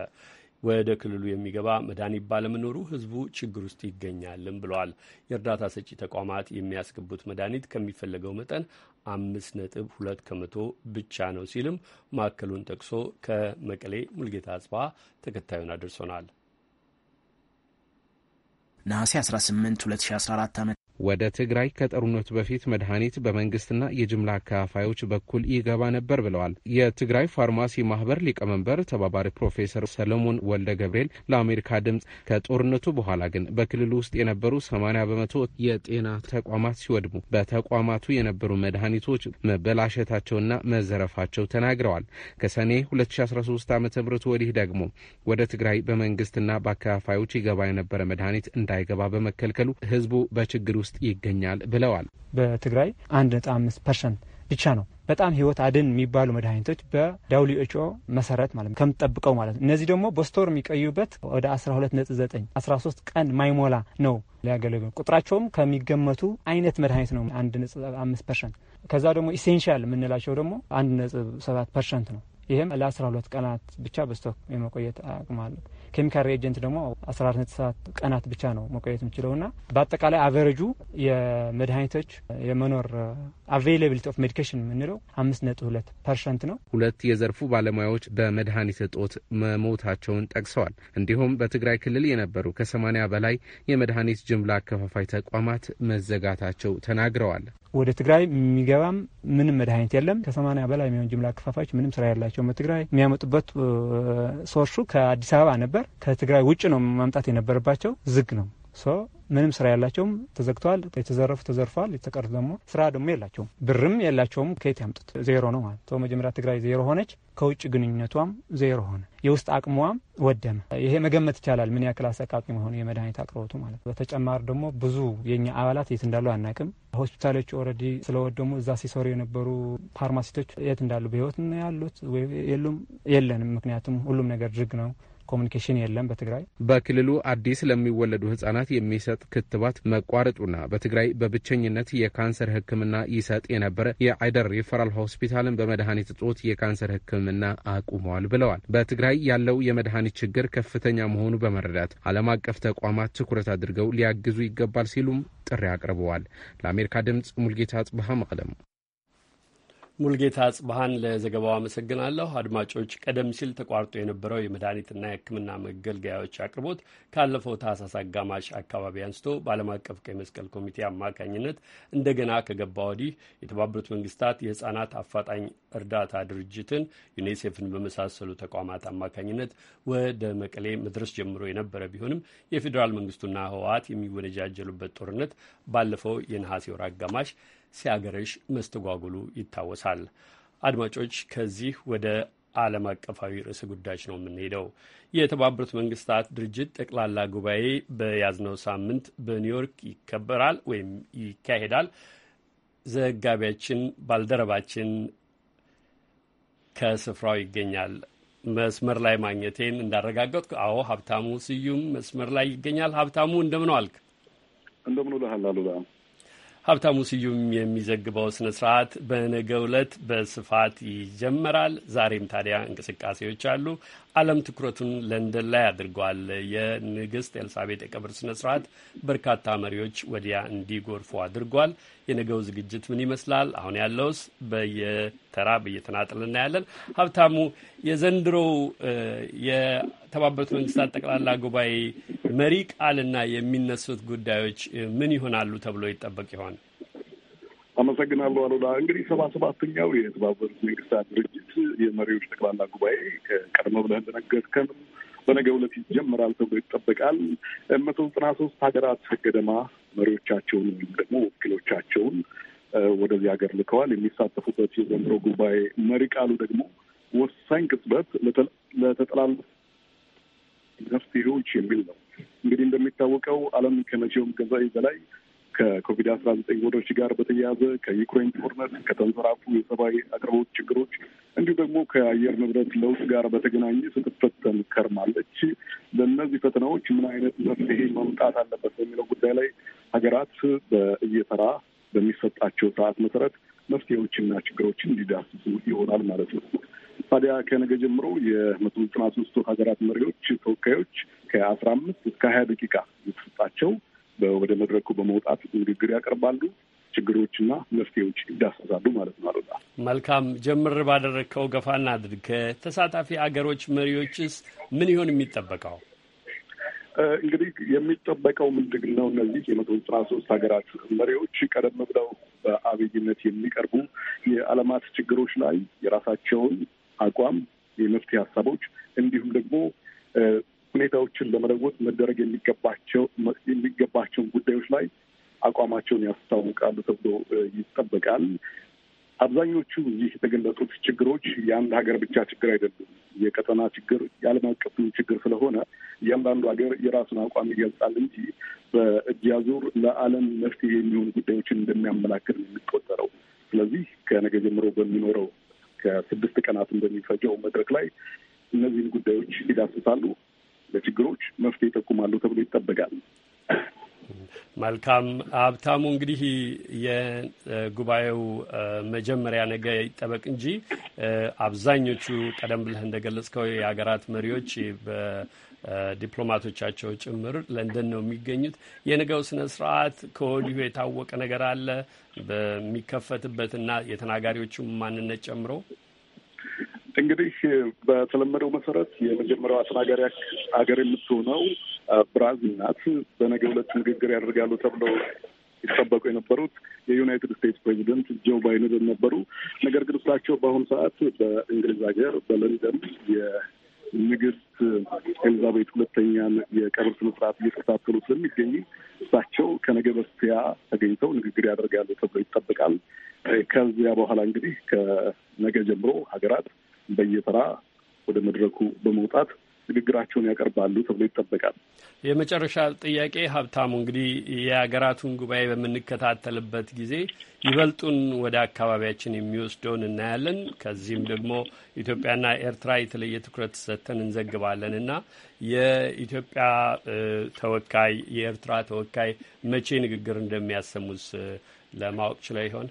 ወደ ክልሉ የሚገባ መድኃኒት ባለመኖሩ ህዝቡ ችግር ውስጥ ይገኛልም ብለዋል። የእርዳታ ሰጪ ተቋማት የሚያስገቡት መድኃኒት ከሚፈለገው መጠን አምስት ነጥብ ሁለት ከመቶ ብቻ ነው ሲልም ማዕከሉን ጠቅሶ ከመቀሌ ሙልጌታ አጽባ ተከታዩን አድርሶናል። ነሐሴ 18 2014 ዓ ወደ ትግራይ ከጦርነቱ በፊት መድኃኒት በመንግስትና የጅምላ አካፋዮች በኩል ይገባ ነበር ብለዋል። የትግራይ ፋርማሲ ማህበር ሊቀመንበር ተባባሪ ፕሮፌሰር ሰለሞን ወልደ ገብርኤል ለአሜሪካ ድምፅ ከጦርነቱ በኋላ ግን በክልሉ ውስጥ የነበሩ 80 በመቶ የጤና ተቋማት ሲወድሙ በተቋማቱ የነበሩ መድኃኒቶች መበላሸታቸውና መዘረፋቸው ተናግረዋል። ከሰኔ 2013 ዓ ም ወዲህ ደግሞ ወደ ትግራይ በመንግስትና በአካፋዮች ይገባ የነበረ መድኃኒት እንዳይገባ በመከልከሉ ህዝቡ በችግር ውስጥ ይገኛል ብለዋል። በትግራይ አንድ ነጥብ አምስት ፐርሰንት ብቻ ነው በጣም ህይወት አድን የሚባሉ መድኃኒቶች በዳብሊው ኤች ኦ መሰረት ማለት ከምጠብቀው ማለት ነው። እነዚህ ደግሞ በስቶር የሚቀዩበት ወደ 12.9 13 ቀን ማይሞላ ነው ሊያገለግሉ ቁጥራቸውም ከሚገመቱ አይነት መድኃኒት ነው 1.5 ፐርሰንት። ከዛ ደግሞ ኢሴንሻል የምንላቸው ደግሞ 1.7 ፐርሰንት ነው። ይህም ለ12 ቀናት ብቻ በስቶክ የመቆየት አቅም አለው። ኬሚካል ሪኤጀንት ደግሞ 14 ሰዓት ቀናት ብቻ ነው መቆየት የምችለውና በአጠቃላይ አቨሬጁ የመድኃኒቶች የመኖር አቬይላብሊቲ ኦፍ ሜዲኬሽን የምንለው አምስት ነጥብ ሁለት ፐርሰንት ነው። ሁለት የዘርፉ ባለሙያዎች በመድኃኒት እጦት መሞታቸውን ጠቅሰዋል። እንዲሁም በትግራይ ክልል የነበሩ ከ80 በላይ የመድኃኒት ጅምላ አከፋፋይ ተቋማት መዘጋታቸው ተናግረዋል። ወደ ትግራይ የሚገባም ምንም መድኃኒት የለም። ከሰማኒያ በላይ የሚሆን ጅምላ አከፋፋዮች ምንም ስራ ያላቸው በትግራይ የሚያመጡበት ሶርሹ ከአዲስ አበባ ነበር። ነበር። ከትግራይ ውጭ ነው ማምጣት የነበረባቸው ዝግ ነው። ምንም ስራ ያላቸውም ተዘግተዋል። የተዘረፉ ተዘርፈዋል። የተቀሩት ደግሞ ስራ ደግሞ የላቸውም፣ ብርም የላቸውም። ከየት ያምጡት? ዜሮ ነው ማለት ነው። መጀመሪያ ትግራይ ዜሮ ሆነች፣ ከውጭ ግንኙነቷም ዜሮ ሆነ፣ የውስጥ አቅሟም ወደመ። ይሄ መገመት ይቻላል ምን ያክል አሰቃቂ መሆኑ የመድኃኒት አቅርቦቱ ማለት። በተጨማሪ ደግሞ ብዙ የኛ አባላት የት እንዳሉ አናቅም። ሆስፒታሎች ኦልሬዲ ስለወደሙ እዛ ሲሰሩ የነበሩ ፋርማሲቶች የት እንዳሉ በህይወት ያሉት የሉም፣ የለንም። ምክንያቱም ሁሉም ነገር ዝግ ነው። ኮሚኒኬሽን የለም በትግራይ። በክልሉ አዲስ ለሚወለዱ ህጻናት የሚሰጥ ክትባት መቋረጡና በትግራይ በብቸኝነት የካንሰር ህክምና ይሰጥ የነበረ የአይደር ሪፈራል ሆስፒታልን በመድኃኒት እጦት የካንሰር ህክምና አቁመዋል ብለዋል። በትግራይ ያለው የመድኃኒት ችግር ከፍተኛ መሆኑ በመረዳት ዓለም አቀፍ ተቋማት ትኩረት አድርገው ሊያግዙ ይገባል ሲሉም ጥሪ አቅርበዋል። ለአሜሪካ ድምጽ ሙልጌታ ጽብሃ መቀለም ሙልጌታ ጽብሃን ለዘገባው አመሰግናለሁ። አድማጮች፣ ቀደም ሲል ተቋርጦ የነበረው የመድኃኒትና የሕክምና መገልገያዎች አቅርቦት ካለፈው ታህሳስ አጋማሽ አካባቢ አንስቶ በዓለም አቀፍ ቀይ መስቀል ኮሚቴ አማካኝነት እንደገና ከገባ ወዲህ የተባበሩት መንግስታት የህጻናት አፋጣኝ እርዳታ ድርጅትን ዩኔሴፍን በመሳሰሉ ተቋማት አማካኝነት ወደ መቀሌ መድረስ ጀምሮ የነበረ ቢሆንም የፌዴራል መንግስቱና ህወሓት የሚወነጃጀሉበት ጦርነት ባለፈው የነሐሴ ወር አጋማሽ ሲያገረሽ መስተጓጉሉ ይታወሳል። አድማጮች ከዚህ ወደ ዓለም አቀፋዊ ርዕሰ ጉዳዮች ነው የምንሄደው። የተባበሩት መንግስታት ድርጅት ጠቅላላ ጉባኤ በያዝነው ሳምንት በኒውዮርክ ይከበራል ወይም ይካሄዳል። ዘጋቢያችን ባልደረባችን ከስፍራው ይገኛል። መስመር ላይ ማግኘቴን እንዳረጋገጥኩ፣ አዎ ሀብታሙ ስዩም መስመር ላይ ይገኛል። ሀብታሙ እንደምን ዋልክ? እንደምን ውለሃል? ሀብታሙ ስዩም የሚዘግበው ስነ ስርዓት በነገ ዕለት በስፋት ይጀመራል። ዛሬም ታዲያ እንቅስቃሴዎች አሉ። ዓለም ትኩረቱን ለንደን ላይ አድርጓል። የንግሥት ኤልሳቤጥ የቀብር ስነ ስርዓት በርካታ መሪዎች ወዲያ እንዲጎርፉ አድርጓል። የነገው ዝግጅት ምን ይመስላል? አሁን ያለውስ በየተራ በየተናጥል እናያለን። ሀብታሙ፣ የዘንድሮው የተባበሩት መንግስታት ጠቅላላ ጉባኤ መሪ ቃልና የሚነሱት ጉዳዮች ምን ይሆናሉ ተብሎ ይጠበቅ ይሆን? አመሰግናለሁ አሉላ። እንግዲህ ሰባ ሰባተኛው የተባበሩት መንግስታት ድርጅት የመሪዎች ጠቅላላ ጉባኤ ቀደም ብለህ እንደነገርከን በነገ ዕለት ይጀመራል ተብሎ ይጠበቃል። መቶ ዘጠና ሶስት ሀገራት ገደማ መሪዎቻቸውን ወይም ደግሞ ወኪሎቻቸውን ወደዚህ ሀገር ልከዋል። የሚሳተፉበት የዘንድሮ ጉባኤ መሪ ቃሉ ደግሞ ወሳኝ ቅጽበት ለተጠላለፉ መፍትሄዎች የሚል ነው። እንግዲህ እንደሚታወቀው ዓለም ከመቼውም ጊዜ በላይ ከኮቪድ አስራ ዘጠኝ ወረርሽኝ ጋር በተያያዘ ከዩክሬን ጦርነት፣ ከተንሰራፉ የሰብአዊ አቅርቦት ችግሮች እንዲሁም ደግሞ ከአየር ንብረት ለውጥ ጋር በተገናኘ ስትፈተን ከርማለች። ለእነዚህ ፈተናዎች ምን አይነት መፍትሄ መምጣት አለበት በሚለው ጉዳይ ላይ ሀገራት በእየተራ በሚሰጣቸው ሰዓት መሰረት መፍትሄዎችና ችግሮችን እንዲዳስሱ ይሆናል ማለት ነው። ታዲያ ከነገ ጀምሮ የመቶ ዘጠና ውስጥ ሀገራት መሪዎች፣ ተወካዮች ከአስራ አምስት እስከ ሀያ ደቂቃ የተሰጣቸው ወደ መድረኩ በመውጣት ንግግር ያቀርባሉ። ችግሮችና መፍትሄዎች ይዳሰሳሉ ማለት ነው። አሉላ መልካም ጀምር ባደረግከው ገፋ እናድርግ። ከተሳታፊ ሀገሮች መሪዎችስ ምን ይሆን የሚጠበቀው? እንግዲህ የሚጠበቀው ምንድን ነው? እነዚህ የመቶ ዘጠና ሶስት ሀገራት መሪዎች ቀደም ብለው በአብይነት የሚቀርቡ የዓለማት ችግሮች ላይ የራሳቸውን አቋም፣ የመፍትሄ ሀሳቦች እንዲሁም ደግሞ ሁኔታዎችን ለመለወጥ መደረግ የሚገባቸው የሚገባቸውን ጉዳዮች ላይ አቋማቸውን ያስታውቃሉ ተብሎ ይጠበቃል። አብዛኞቹ ይህ የተገለጡት ችግሮች የአንድ ሀገር ብቻ ችግር አይደሉም። የቀጠና ችግር የዓለም አቀፍ ችግር ስለሆነ እያንዳንዱ ሀገር የራሱን አቋም ይገልጻል እንጂ በእጅ አዙር ለዓለም መፍትሄ የሚሆኑ ጉዳዮችን እንደሚያመላክት ነው የሚቆጠረው። ስለዚህ ከነገ ጀምሮ በሚኖረው ከስድስት ቀናት እንደሚፈጀው መድረክ ላይ እነዚህን ጉዳዮች ይዳስሳሉ፣ ለችግሮች መፍትሄ ይጠቁማሉ ተብሎ ይጠበቃል። መልካም ሀብታሙ፣ እንግዲህ የጉባኤው መጀመሪያ ነገ ይጠበቅ እንጂ አብዛኞቹ ቀደም ብለህ እንደገለጽከው የሀገራት መሪዎች ዲፕሎማቶቻቸው ጭምር ለንደን ነው የሚገኙት። የነገው ስነ ስርዓት ከወዲሁ የታወቀ ነገር አለ በሚከፈትበትና የተናጋሪዎቹም ማንነት ጨምሮ እንግዲህ በተለመደው መሰረት የመጀመሪያው አስተናጋሪ ሀገር የምትሆነው ብራዚል ናት። በነገ ሁለት ንግግር ያደርጋሉ ተብለው ይጠበቁ የነበሩት የዩናይትድ ስቴትስ ፕሬዚደንት ጆ ባይደን ነበሩ። ነገር ግን እሳቸው በአሁኑ ሰዓት በእንግሊዝ ሀገር በለንደን ንግስት ኤልዛቤት ሁለተኛን የቀብር ስነስርዓት እየተከታተሉ ስለሚገኙ እሳቸው ከነገ በስቲያ ተገኝተው ንግግር ያደርጋሉ ተብሎ ይጠበቃል። ከዚያ በኋላ እንግዲህ ከነገ ጀምሮ ሀገራት በየተራ ወደ መድረኩ በመውጣት ንግግራቸውን ያቀርባሉ ተብሎ ይጠበቃል። የመጨረሻ ጥያቄ ሀብታሙ፣ እንግዲህ የሀገራቱን ጉባኤ በምንከታተልበት ጊዜ ይበልጡን ወደ አካባቢያችን የሚወስደውን እናያለን። ከዚህም ደግሞ ኢትዮጵያና ኤርትራ የተለየ ትኩረት ሰጥተን እንዘግባለን እና የኢትዮጵያ ተወካይ የኤርትራ ተወካይ መቼ ንግግር እንደሚያሰሙት ለማወቅ ችለ ይሆን?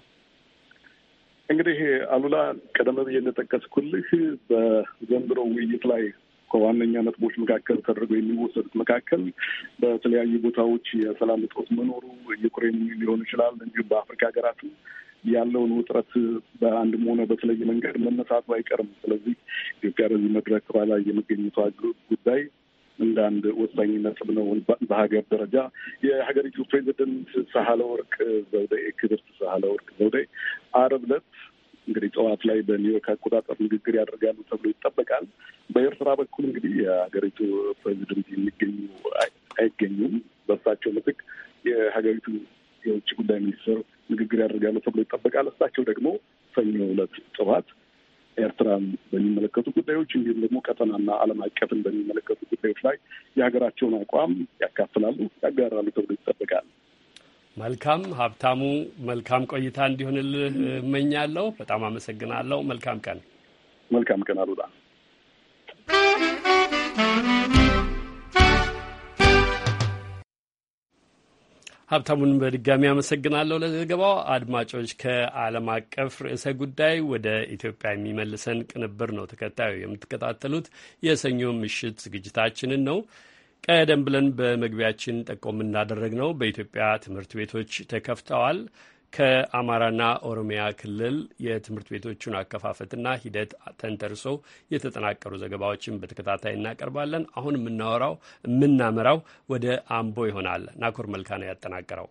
እንግዲህ አሉላ፣ ቀደም ብዬ እንደጠቀስኩልህ በዘንድሮ ውይይት ላይ ከዋነኛ ነጥቦች መካከል ተደርገው የሚወሰዱት መካከል በተለያዩ ቦታዎች የሰላም እጦት መኖሩ ዩክሬን ሊሆን ይችላል እንዲሁም በአፍሪካ ሀገራቱ ያለውን ውጥረት በአንድም ሆነ በተለየ መንገድ መነሳቱ አይቀርም። ስለዚህ ኢትዮጵያ በዚህ መድረክ ላይ የመገኘቷ ጉዳይ እንደ አንድ ወሳኝ ነጥብ ነው። በሀገር ደረጃ የሀገሪቱ ፕሬዚደንት ሳህለ ወርቅ ዘውዴ ክብርት ሳህለ ወርቅ ዘውዴ አርብ ዕለት እንግዲህ ጠዋት ላይ በኒውዮርክ አቆጣጠር ንግግር ያደርጋሉ ተብሎ ይጠበቃል። በኤርትራ በኩል እንግዲህ የሀገሪቱ ፕሬዚደንት የሚገኙ አይገኙም። በእሳቸው ምትክ የሀገሪቱ የውጭ ጉዳይ ሚኒስትር ንግግር ያደርጋሉ ተብሎ ይጠበቃል። እሳቸው ደግሞ ሰኞ ዕለት ጠዋት ኤርትራን በሚመለከቱ ጉዳዮች እንዲሁም ደግሞ ቀጠናና ዓለም አቀፍን በሚመለከቱ ጉዳዮች ላይ የሀገራቸውን አቋም ያካፍላሉ፣ ያጋራሉ ተብሎ ይጠበቃል። መልካም ሀብታሙ፣ መልካም ቆይታ እንዲሆንልህ እመኛለሁ። በጣም አመሰግናለሁ። መልካም ቀን። መልካም ቀን አሉላ። ሀብታሙን በድጋሚ አመሰግናለሁ ለዘገባው። አድማጮች፣ ከዓለም አቀፍ ርዕሰ ጉዳይ ወደ ኢትዮጵያ የሚመልሰን ቅንብር ነው ተከታዩ። የምትከታተሉት የሰኞ ምሽት ዝግጅታችንን ነው። ቀደም ብለን በመግቢያችን ጠቆም እናደረግ ነው በኢትዮጵያ ትምህርት ቤቶች ተከፍተዋል። ከአማራና ኦሮሚያ ክልል የትምህርት ቤቶቹን አከፋፈትና ሂደት ተንተርሶ የተጠናቀሩ ዘገባዎችን በተከታታይ እናቀርባለን። አሁን የምናወራው የምናመራው ወደ አምቦ ይሆናል። ናኮር መልካ ነው ያጠናቀረው።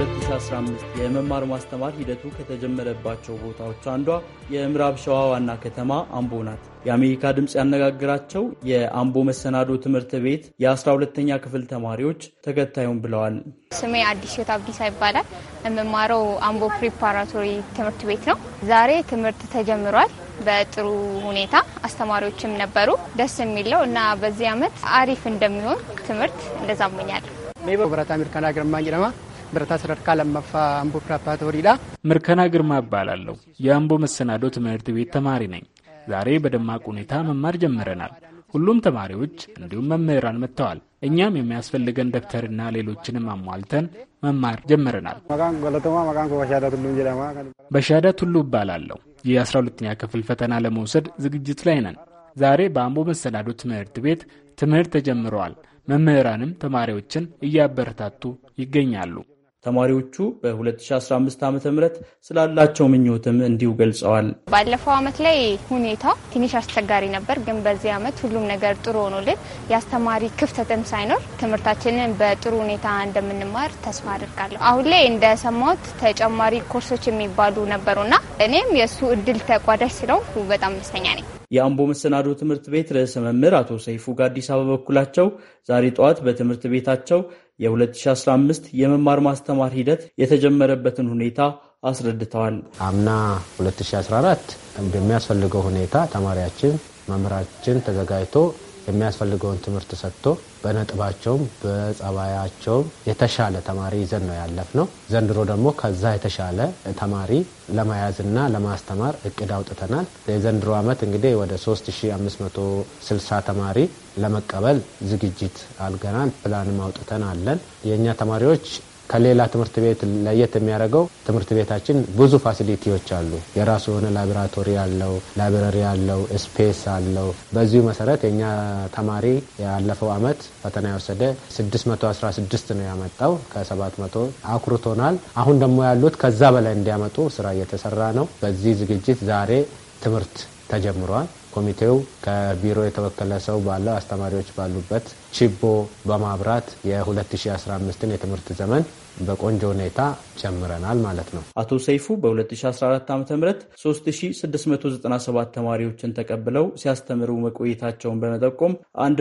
2015 የመማር ማስተማር ሂደቱ ከተጀመረባቸው ቦታዎች አንዷ የምዕራብ ሸዋ ዋና ከተማ አምቦ ናት። የአሜሪካ ድምፅ ያነጋግራቸው የአምቦ መሰናዶ ትምህርት ቤት የ12ተኛ ክፍል ተማሪዎች ተከታዩን ብለዋል። ስሜ አዲስ ህይወት አብዲሳ ይባላል። የምማረው አምቦ ፕሪፓራቶሪ ትምህርት ቤት ነው። ዛሬ ትምህርት ተጀምሯል በጥሩ ሁኔታ አስተማሪዎችም ነበሩ። ደስ የሚለው እና በዚህ አመት አሪፍ እንደሚሆን ትምህርት እንደዛ ለማ ብረታ ሰደርካ ለመፋ አምቦ ፕራፓቶሪላ ምርከና ግርማ እባላለሁ። የአምቦ መሰናዶ ትምህርት ቤት ተማሪ ነኝ። ዛሬ በደማቅ ሁኔታ መማር ጀምረናል። ሁሉም ተማሪዎች እንዲሁም መምህራን መጥተዋል። እኛም የሚያስፈልገን ደብተርና ሌሎችንም አሟልተን መማር ጀምረናል። በሻዳ ቱሉ እባላለሁ። የ12ኛ ክፍል ፈተና ለመውሰድ ዝግጅት ላይ ነን። ዛሬ በአምቦ መሰናዶ ትምህርት ቤት ትምህርት ተጀምረዋል። መምህራንም ተማሪዎችን እያበረታቱ ይገኛሉ። ተማሪዎቹ በ2015 ዓ ም ስላላቸው ምኞትም እንዲሁ ገልጸዋል። ባለፈው ዓመት ላይ ሁኔታው ትንሽ አስቸጋሪ ነበር፣ ግን በዚህ ዓመት ሁሉም ነገር ጥሩ ሆኖልን የአስተማሪ ክፍተትም ሳይኖር ትምህርታችንን በጥሩ ሁኔታ እንደምንማር ተስፋ አድርጋለሁ። አሁን ላይ እንደሰማሁት ተጨማሪ ኮርሶች የሚባሉ ነበሩና እኔም የእሱ እድል ተቋዳሽ ስለሆንኩ በጣም ደስተኛ ነኝ። የአምቦ መሰናዶ ትምህርት ቤት ርዕሰ መምህር አቶ ሰይፉ ጋዲሳ በበኩላቸው ዛሬ ጠዋት በትምህርት ቤታቸው የ2015 የመማር ማስተማር ሂደት የተጀመረበትን ሁኔታ አስረድተዋል። አምና 2014 እንደሚያስፈልገው ሁኔታ ተማሪያችን መምህራችን ተዘጋጅቶ የሚያስፈልገውን ትምህርት ሰጥቶ በነጥባቸውም በጸባያቸውም የተሻለ ተማሪ ይዘን ነው ያለፍ ነው። ዘንድሮ ደግሞ ከዛ የተሻለ ተማሪ ለመያዝና ለማስተማር እቅድ አውጥተናል። የዘንድሮ ዓመት እንግዲህ ወደ 3560 ተማሪ ለመቀበል ዝግጅት አልገናል። ፕላንም አውጥተን አለን። የእኛ ተማሪዎች ከሌላ ትምህርት ቤት ለየት የሚያደርገው ትምህርት ቤታችን ብዙ ፋሲሊቲዎች አሉ። የራሱ የሆነ ላቦራቶሪ አለው፣ ላይብረሪ አለው፣ ስፔስ አለው። በዚሁ መሰረት የእኛ ተማሪ ያለፈው አመት ፈተና የወሰደ 616 ነው ያመጣው፣ ከ700 አኩርቶናል። አሁን ደግሞ ያሉት ከዛ በላይ እንዲያመጡ ስራ እየተሰራ ነው። በዚህ ዝግጅት ዛሬ ትምህርት ተጀምሯል። ኮሚቴው ከቢሮ የተወከለ ሰው ባለው አስተማሪዎች ባሉበት ችቦ በማብራት የ2015ን የትምህርት ዘመን በቆንጆ ሁኔታ ጀምረናል ማለት ነው። አቶ ሰይፉ በ2014 ዓ ም 3697 ተማሪዎችን ተቀብለው ሲያስተምሩ መቆየታቸውን በመጠቆም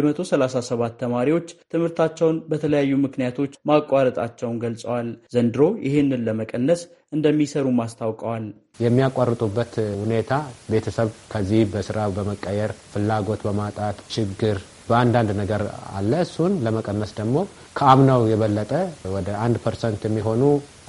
137 ተማሪዎች ትምህርታቸውን በተለያዩ ምክንያቶች ማቋረጣቸውን ገልጸዋል። ዘንድሮ ይህንን ለመቀነስ እንደሚሰሩ አስታውቀዋል። የሚያቋርጡበት ሁኔታ ቤተሰብ ከዚህ በስራ በመቀየር ፍላጎት በማጣት ችግር በአንዳንድ ነገር አለ። እሱን ለመቀነስ ደግሞ ከአምናው የበለጠ ወደ አንድ ፐርሰንት የሚሆኑ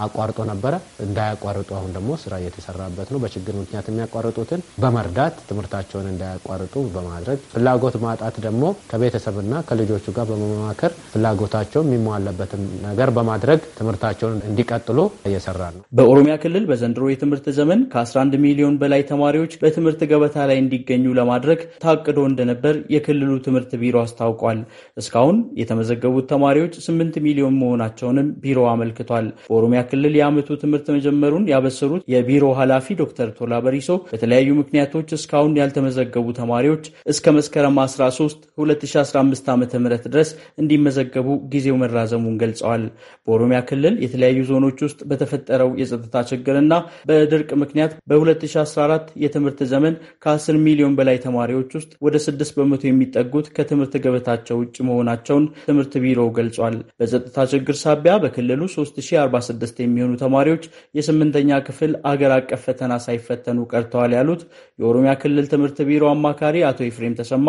አቋርጦ ነበረ። እንዳያቋርጡ አሁን ደግሞ ስራ እየተሰራበት ነው። በችግር ምክንያት የሚያቋርጡትን በመርዳት ትምህርታቸውን እንዳያቋርጡ በማድረግ ፍላጎት ማጣት ደግሞ ከቤተሰብና ከልጆቹ ጋር በመማከር ፍላጎታቸው የሚሟለበትን ነገር በማድረግ ትምህርታቸውን እንዲቀጥሉ እየሰራ ነው። በኦሮሚያ ክልል በዘንድሮ የትምህርት ዘመን ከ11 ሚሊዮን በላይ ተማሪዎች በትምህርት ገበታ ላይ እንዲገኙ ለማድረግ ታቅዶ እንደነበር የክልሉ ትምህርት ቢሮ አስታውቋል። እስካሁን የተመዘገቡት ተማሪዎች 8 ሚሊዮን መሆናቸውንም ቢሮ አመልክቷል። በኦሮሚያ ክልል የዓመቱ ትምህርት መጀመሩን ያበሰሩት የቢሮ ኃላፊ ዶክተር ቶላ በሪሶ በተለያዩ ምክንያቶች እስካሁን ያልተመዘገቡ ተማሪዎች እስከ መስከረም 13 2015 ዓ ም ድረስ እንዲመዘገቡ ጊዜው መራዘሙን ገልጸዋል። በኦሮሚያ ክልል የተለያዩ ዞኖች ውስጥ በተፈጠረው የጸጥታ ችግርና በድርቅ ምክንያት በ2014 የትምህርት ዘመን ከ10 ሚሊዮን በላይ ተማሪዎች ውስጥ ወደ 6 በመቶ የሚጠጉት ከትምህርት ገበታቸው ውጭ መሆናቸውን ትምህርት ቢሮው ገልጿል። በጸጥታ ችግር ሳቢያ በክልሉ 3046 አምስት የሚሆኑ ተማሪዎች የስምንተኛ ክፍል አገር አቀፍ ፈተና ሳይፈተኑ ቀርተዋል ያሉት የኦሮሚያ ክልል ትምህርት ቢሮ አማካሪ አቶ ኤፍሬም ተሰማ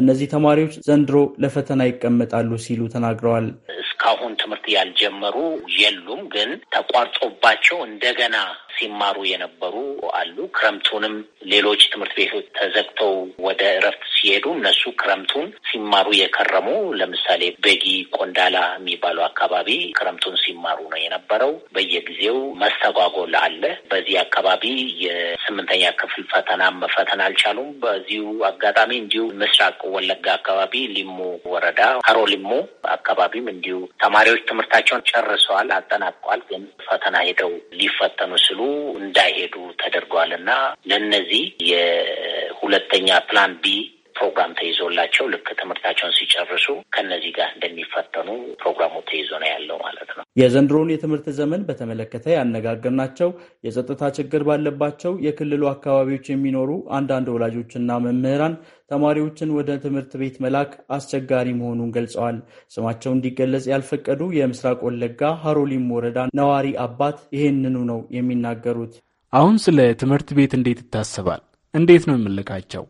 እነዚህ ተማሪዎች ዘንድሮ ለፈተና ይቀመጣሉ ሲሉ ተናግረዋል። እስካሁን ትምህርት ያልጀመሩ የሉም፣ ግን ተቋርጦባቸው እንደገና ሲማሩ የነበሩ አሉ። ክረምቱንም ሌሎች ትምህርት ቤቶች ተዘግተው ወደ እረፍት ሲሄዱ እነሱ ክረምቱን ሲማሩ የከረሙ ለምሳሌ ቤጊ ቆንዳላ የሚባሉ አካባቢ ክረምቱን ሲማሩ ነው የነበረው። በየጊዜው መስተጓጎል አለ። በዚህ አካባቢ የስምንተኛ ክፍል ፈተና መፈተን አልቻሉም። በዚሁ አጋጣሚ እንዲሁ ምስራቅ ወለጋ አካባቢ ሊሙ ወረዳ ሀሮ ሊሙ አካባቢም እንዲሁ ተማሪዎች ትምህርታቸውን ጨርሰዋል፣ አጠናቀዋል። ግን ፈተና ሄደው ሊፈተኑ ስሉ እንዳይሄዱ ተደርጓል እና ለእነዚህ የሁለተኛ ፕላን ቢ ፕሮግራም ተይዞላቸው ልክ ትምህርታቸውን ሲጨርሱ ከነዚህ ጋር እንደሚፈተኑ ፕሮግራሙ ተይዞ ነው ያለው ማለት ነው። የዘንድሮን የትምህርት ዘመን በተመለከተ ያነጋገርናቸው የጸጥታ ችግር ባለባቸው የክልሉ አካባቢዎች የሚኖሩ አንዳንድ ወላጆችና መምህራን ተማሪዎችን ወደ ትምህርት ቤት መላክ አስቸጋሪ መሆኑን ገልጸዋል። ስማቸው እንዲገለጽ ያልፈቀዱ የምስራቅ ወለጋ ሀሮሊም ወረዳ ነዋሪ አባት ይህንኑ ነው የሚናገሩት። አሁን ስለ ትምህርት ቤት እንዴት ይታሰባል? እንዴት ነው የምልካቸው?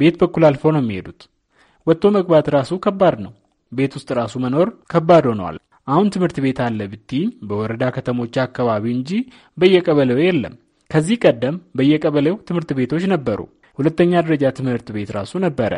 ቤት በኩል አልፎ ነው የሚሄዱት። ወጥቶ መግባት ራሱ ከባድ ነው። ቤት ውስጥ ራሱ መኖር ከባድ ሆነዋል። አሁን ትምህርት ቤት አለ ብቲ በወረዳ ከተሞች አካባቢ እንጂ በየቀበሌው የለም። ከዚህ ቀደም በየቀበሌው ትምህርት ቤቶች ነበሩ። ሁለተኛ ደረጃ ትምህርት ቤት ራሱ ነበረ።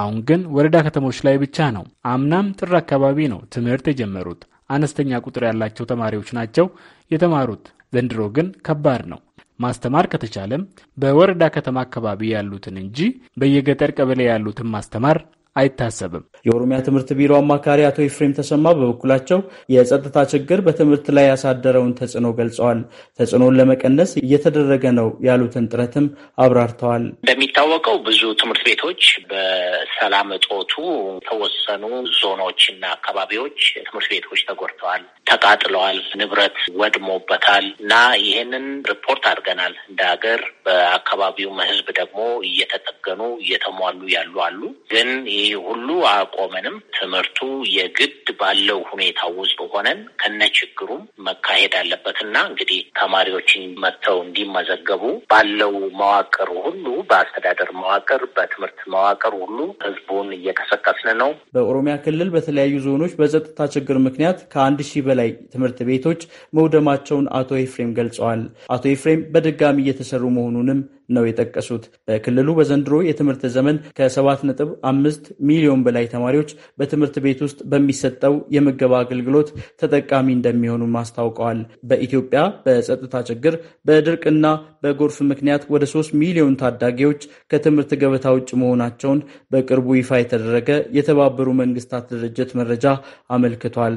አሁን ግን ወረዳ ከተሞች ላይ ብቻ ነው። አምናም ጥር አካባቢ ነው ትምህርት የጀመሩት። አነስተኛ ቁጥር ያላቸው ተማሪዎች ናቸው የተማሩት። ዘንድሮ ግን ከባድ ነው። ማስተማር ከተቻለም በወረዳ ከተማ አካባቢ ያሉትን እንጂ በየገጠር ቀበሌ ያሉትን ማስተማር አይታሰብም። የኦሮሚያ ትምህርት ቢሮ አማካሪ አቶ ኤፍሬም ተሰማ በበኩላቸው የጸጥታ ችግር በትምህርት ላይ ያሳደረውን ተጽዕኖ ገልጸዋል። ተጽዕኖን ለመቀነስ እየተደረገ ነው ያሉትን ጥረትም አብራርተዋል። እንደሚታወቀው ብዙ ትምህርት ቤቶች በሰላም እጦቱ የተወሰኑ ዞኖችና አካባቢዎች ትምህርት ቤቶች ተጎድተዋል። ተቃጥለዋል፣ ንብረት ወድሞበታል እና ይህንን ሪፖርት አድርገናል እንደ ሀገር። በአካባቢውም ህዝብ ደግሞ እየተጠገኑ እየተሟሉ ያሉ አሉ። ግን ይህ ሁሉ አቆመንም። ትምህርቱ የግድ ባለው ሁኔታ ውስጥ ሆነን ከነ ችግሩም መካሄድ አለበት እና እንግዲህ ተማሪዎችን መጥተው እንዲመዘገቡ ባለው መዋቅር ሁሉ በአስተዳደር መዋቅር፣ በትምህርት መዋቅር ሁሉ ህዝቡን እየቀሰቀስን ነው። በኦሮሚያ ክልል በተለያዩ ዞኖች በጸጥታ ችግር ምክንያት ከአንድ ሺህ በላይ በላይ ትምህርት ቤቶች መውደማቸውን አቶ ኤፍሬም ገልጸዋል። አቶ ኤፍሬም በድጋሚ እየተሰሩ መሆኑንም ነው የጠቀሱት። በክልሉ በዘንድሮ የትምህርት ዘመን ከ7.5 አምስት ሚሊዮን በላይ ተማሪዎች በትምህርት ቤት ውስጥ በሚሰጠው የምገብ አገልግሎት ተጠቃሚ እንደሚሆኑም አስታውቀዋል። በኢትዮጵያ በጸጥታ ችግር፣ በድርቅና በጎርፍ ምክንያት ወደ ሶስት ሚሊዮን ታዳጊዎች ከትምህርት ገበታ ውጭ መሆናቸውን በቅርቡ ይፋ የተደረገ የተባበሩ መንግስታት ድርጅት መረጃ አመልክቷል።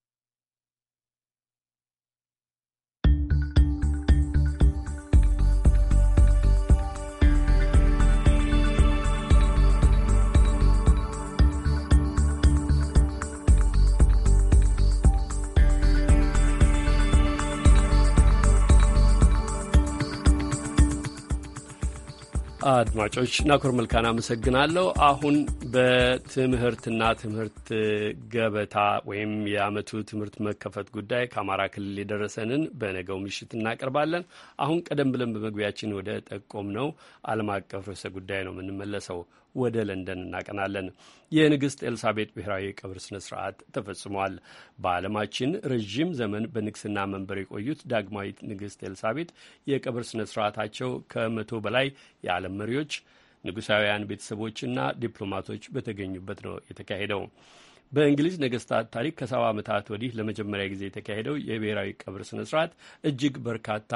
አድማጮች ናኮር መልካን አመሰግናለሁ። አሁን በትምህርትና ትምህርት ገበታ ወይም የአመቱ ትምህርት መከፈት ጉዳይ ከአማራ ክልል የደረሰንን በነገው ምሽት እናቀርባለን። አሁን ቀደም ብለን በመግቢያችን ወደ ጠቆም ነው ዓለም አቀፍ ርዕሰ ጉዳይ ነው የምንመለሰው። ወደ ለንደን እናቀናለን። የንግሥት ኤልሳቤጥ ብሔራዊ የቀብር ስነ ስርዓት ተፈጽሟል። በዓለማችን ረዥም ዘመን በንግስና መንበር የቆዩት ዳግማዊት ንግሥት ኤልሳቤጥ የቀብር ስነ ስርዓታቸው ከመቶ በላይ የዓለም መሪዎች፣ ንጉሳውያን ቤተሰቦችና ዲፕሎማቶች በተገኙበት ነው የተካሄደው። በእንግሊዝ ነገስታት ታሪክ ከሰባ ዓመታት ወዲህ ለመጀመሪያ ጊዜ የተካሄደው የብሔራዊ ቀብር ስነ ስርዓት እጅግ በርካታ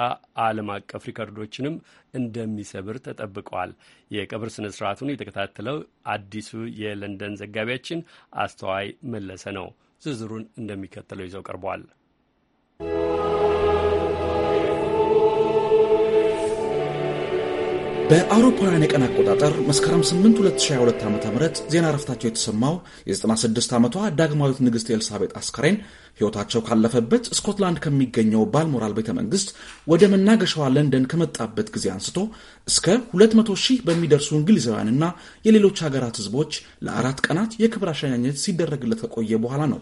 ዓለም አቀፍ ሪከርዶችንም እንደሚሰብር ተጠብቋል። የቀብር ስነ ስርዓቱን የተከታተለው አዲሱ የለንደን ዘጋቢያችን አስተዋይ መለሰ ነው። ዝርዝሩን እንደሚከተለው ይዘው ቀርቧል። በአውሮፓውያን የቀን አቆጣጠር መስከረም 8 2022 ዓ ም ዜና እረፍታቸው የተሰማው የ96 ዓመቷ ዳግማዊት ንግሥት ኤልሳቤጥ አስከሬን ሕይወታቸው ካለፈበት ስኮትላንድ ከሚገኘው ባልሞራል ቤተ መንግሥት ወደ መናገሻዋ ለንደን ከመጣበት ጊዜ አንስቶ እስከ 200 ሺህ በሚደርሱ እንግሊዛውያንና የሌሎች ሀገራት ሕዝቦች ለአራት ቀናት የክብር አሸኛኘት ሲደረግለት ከቆየ በኋላ ነው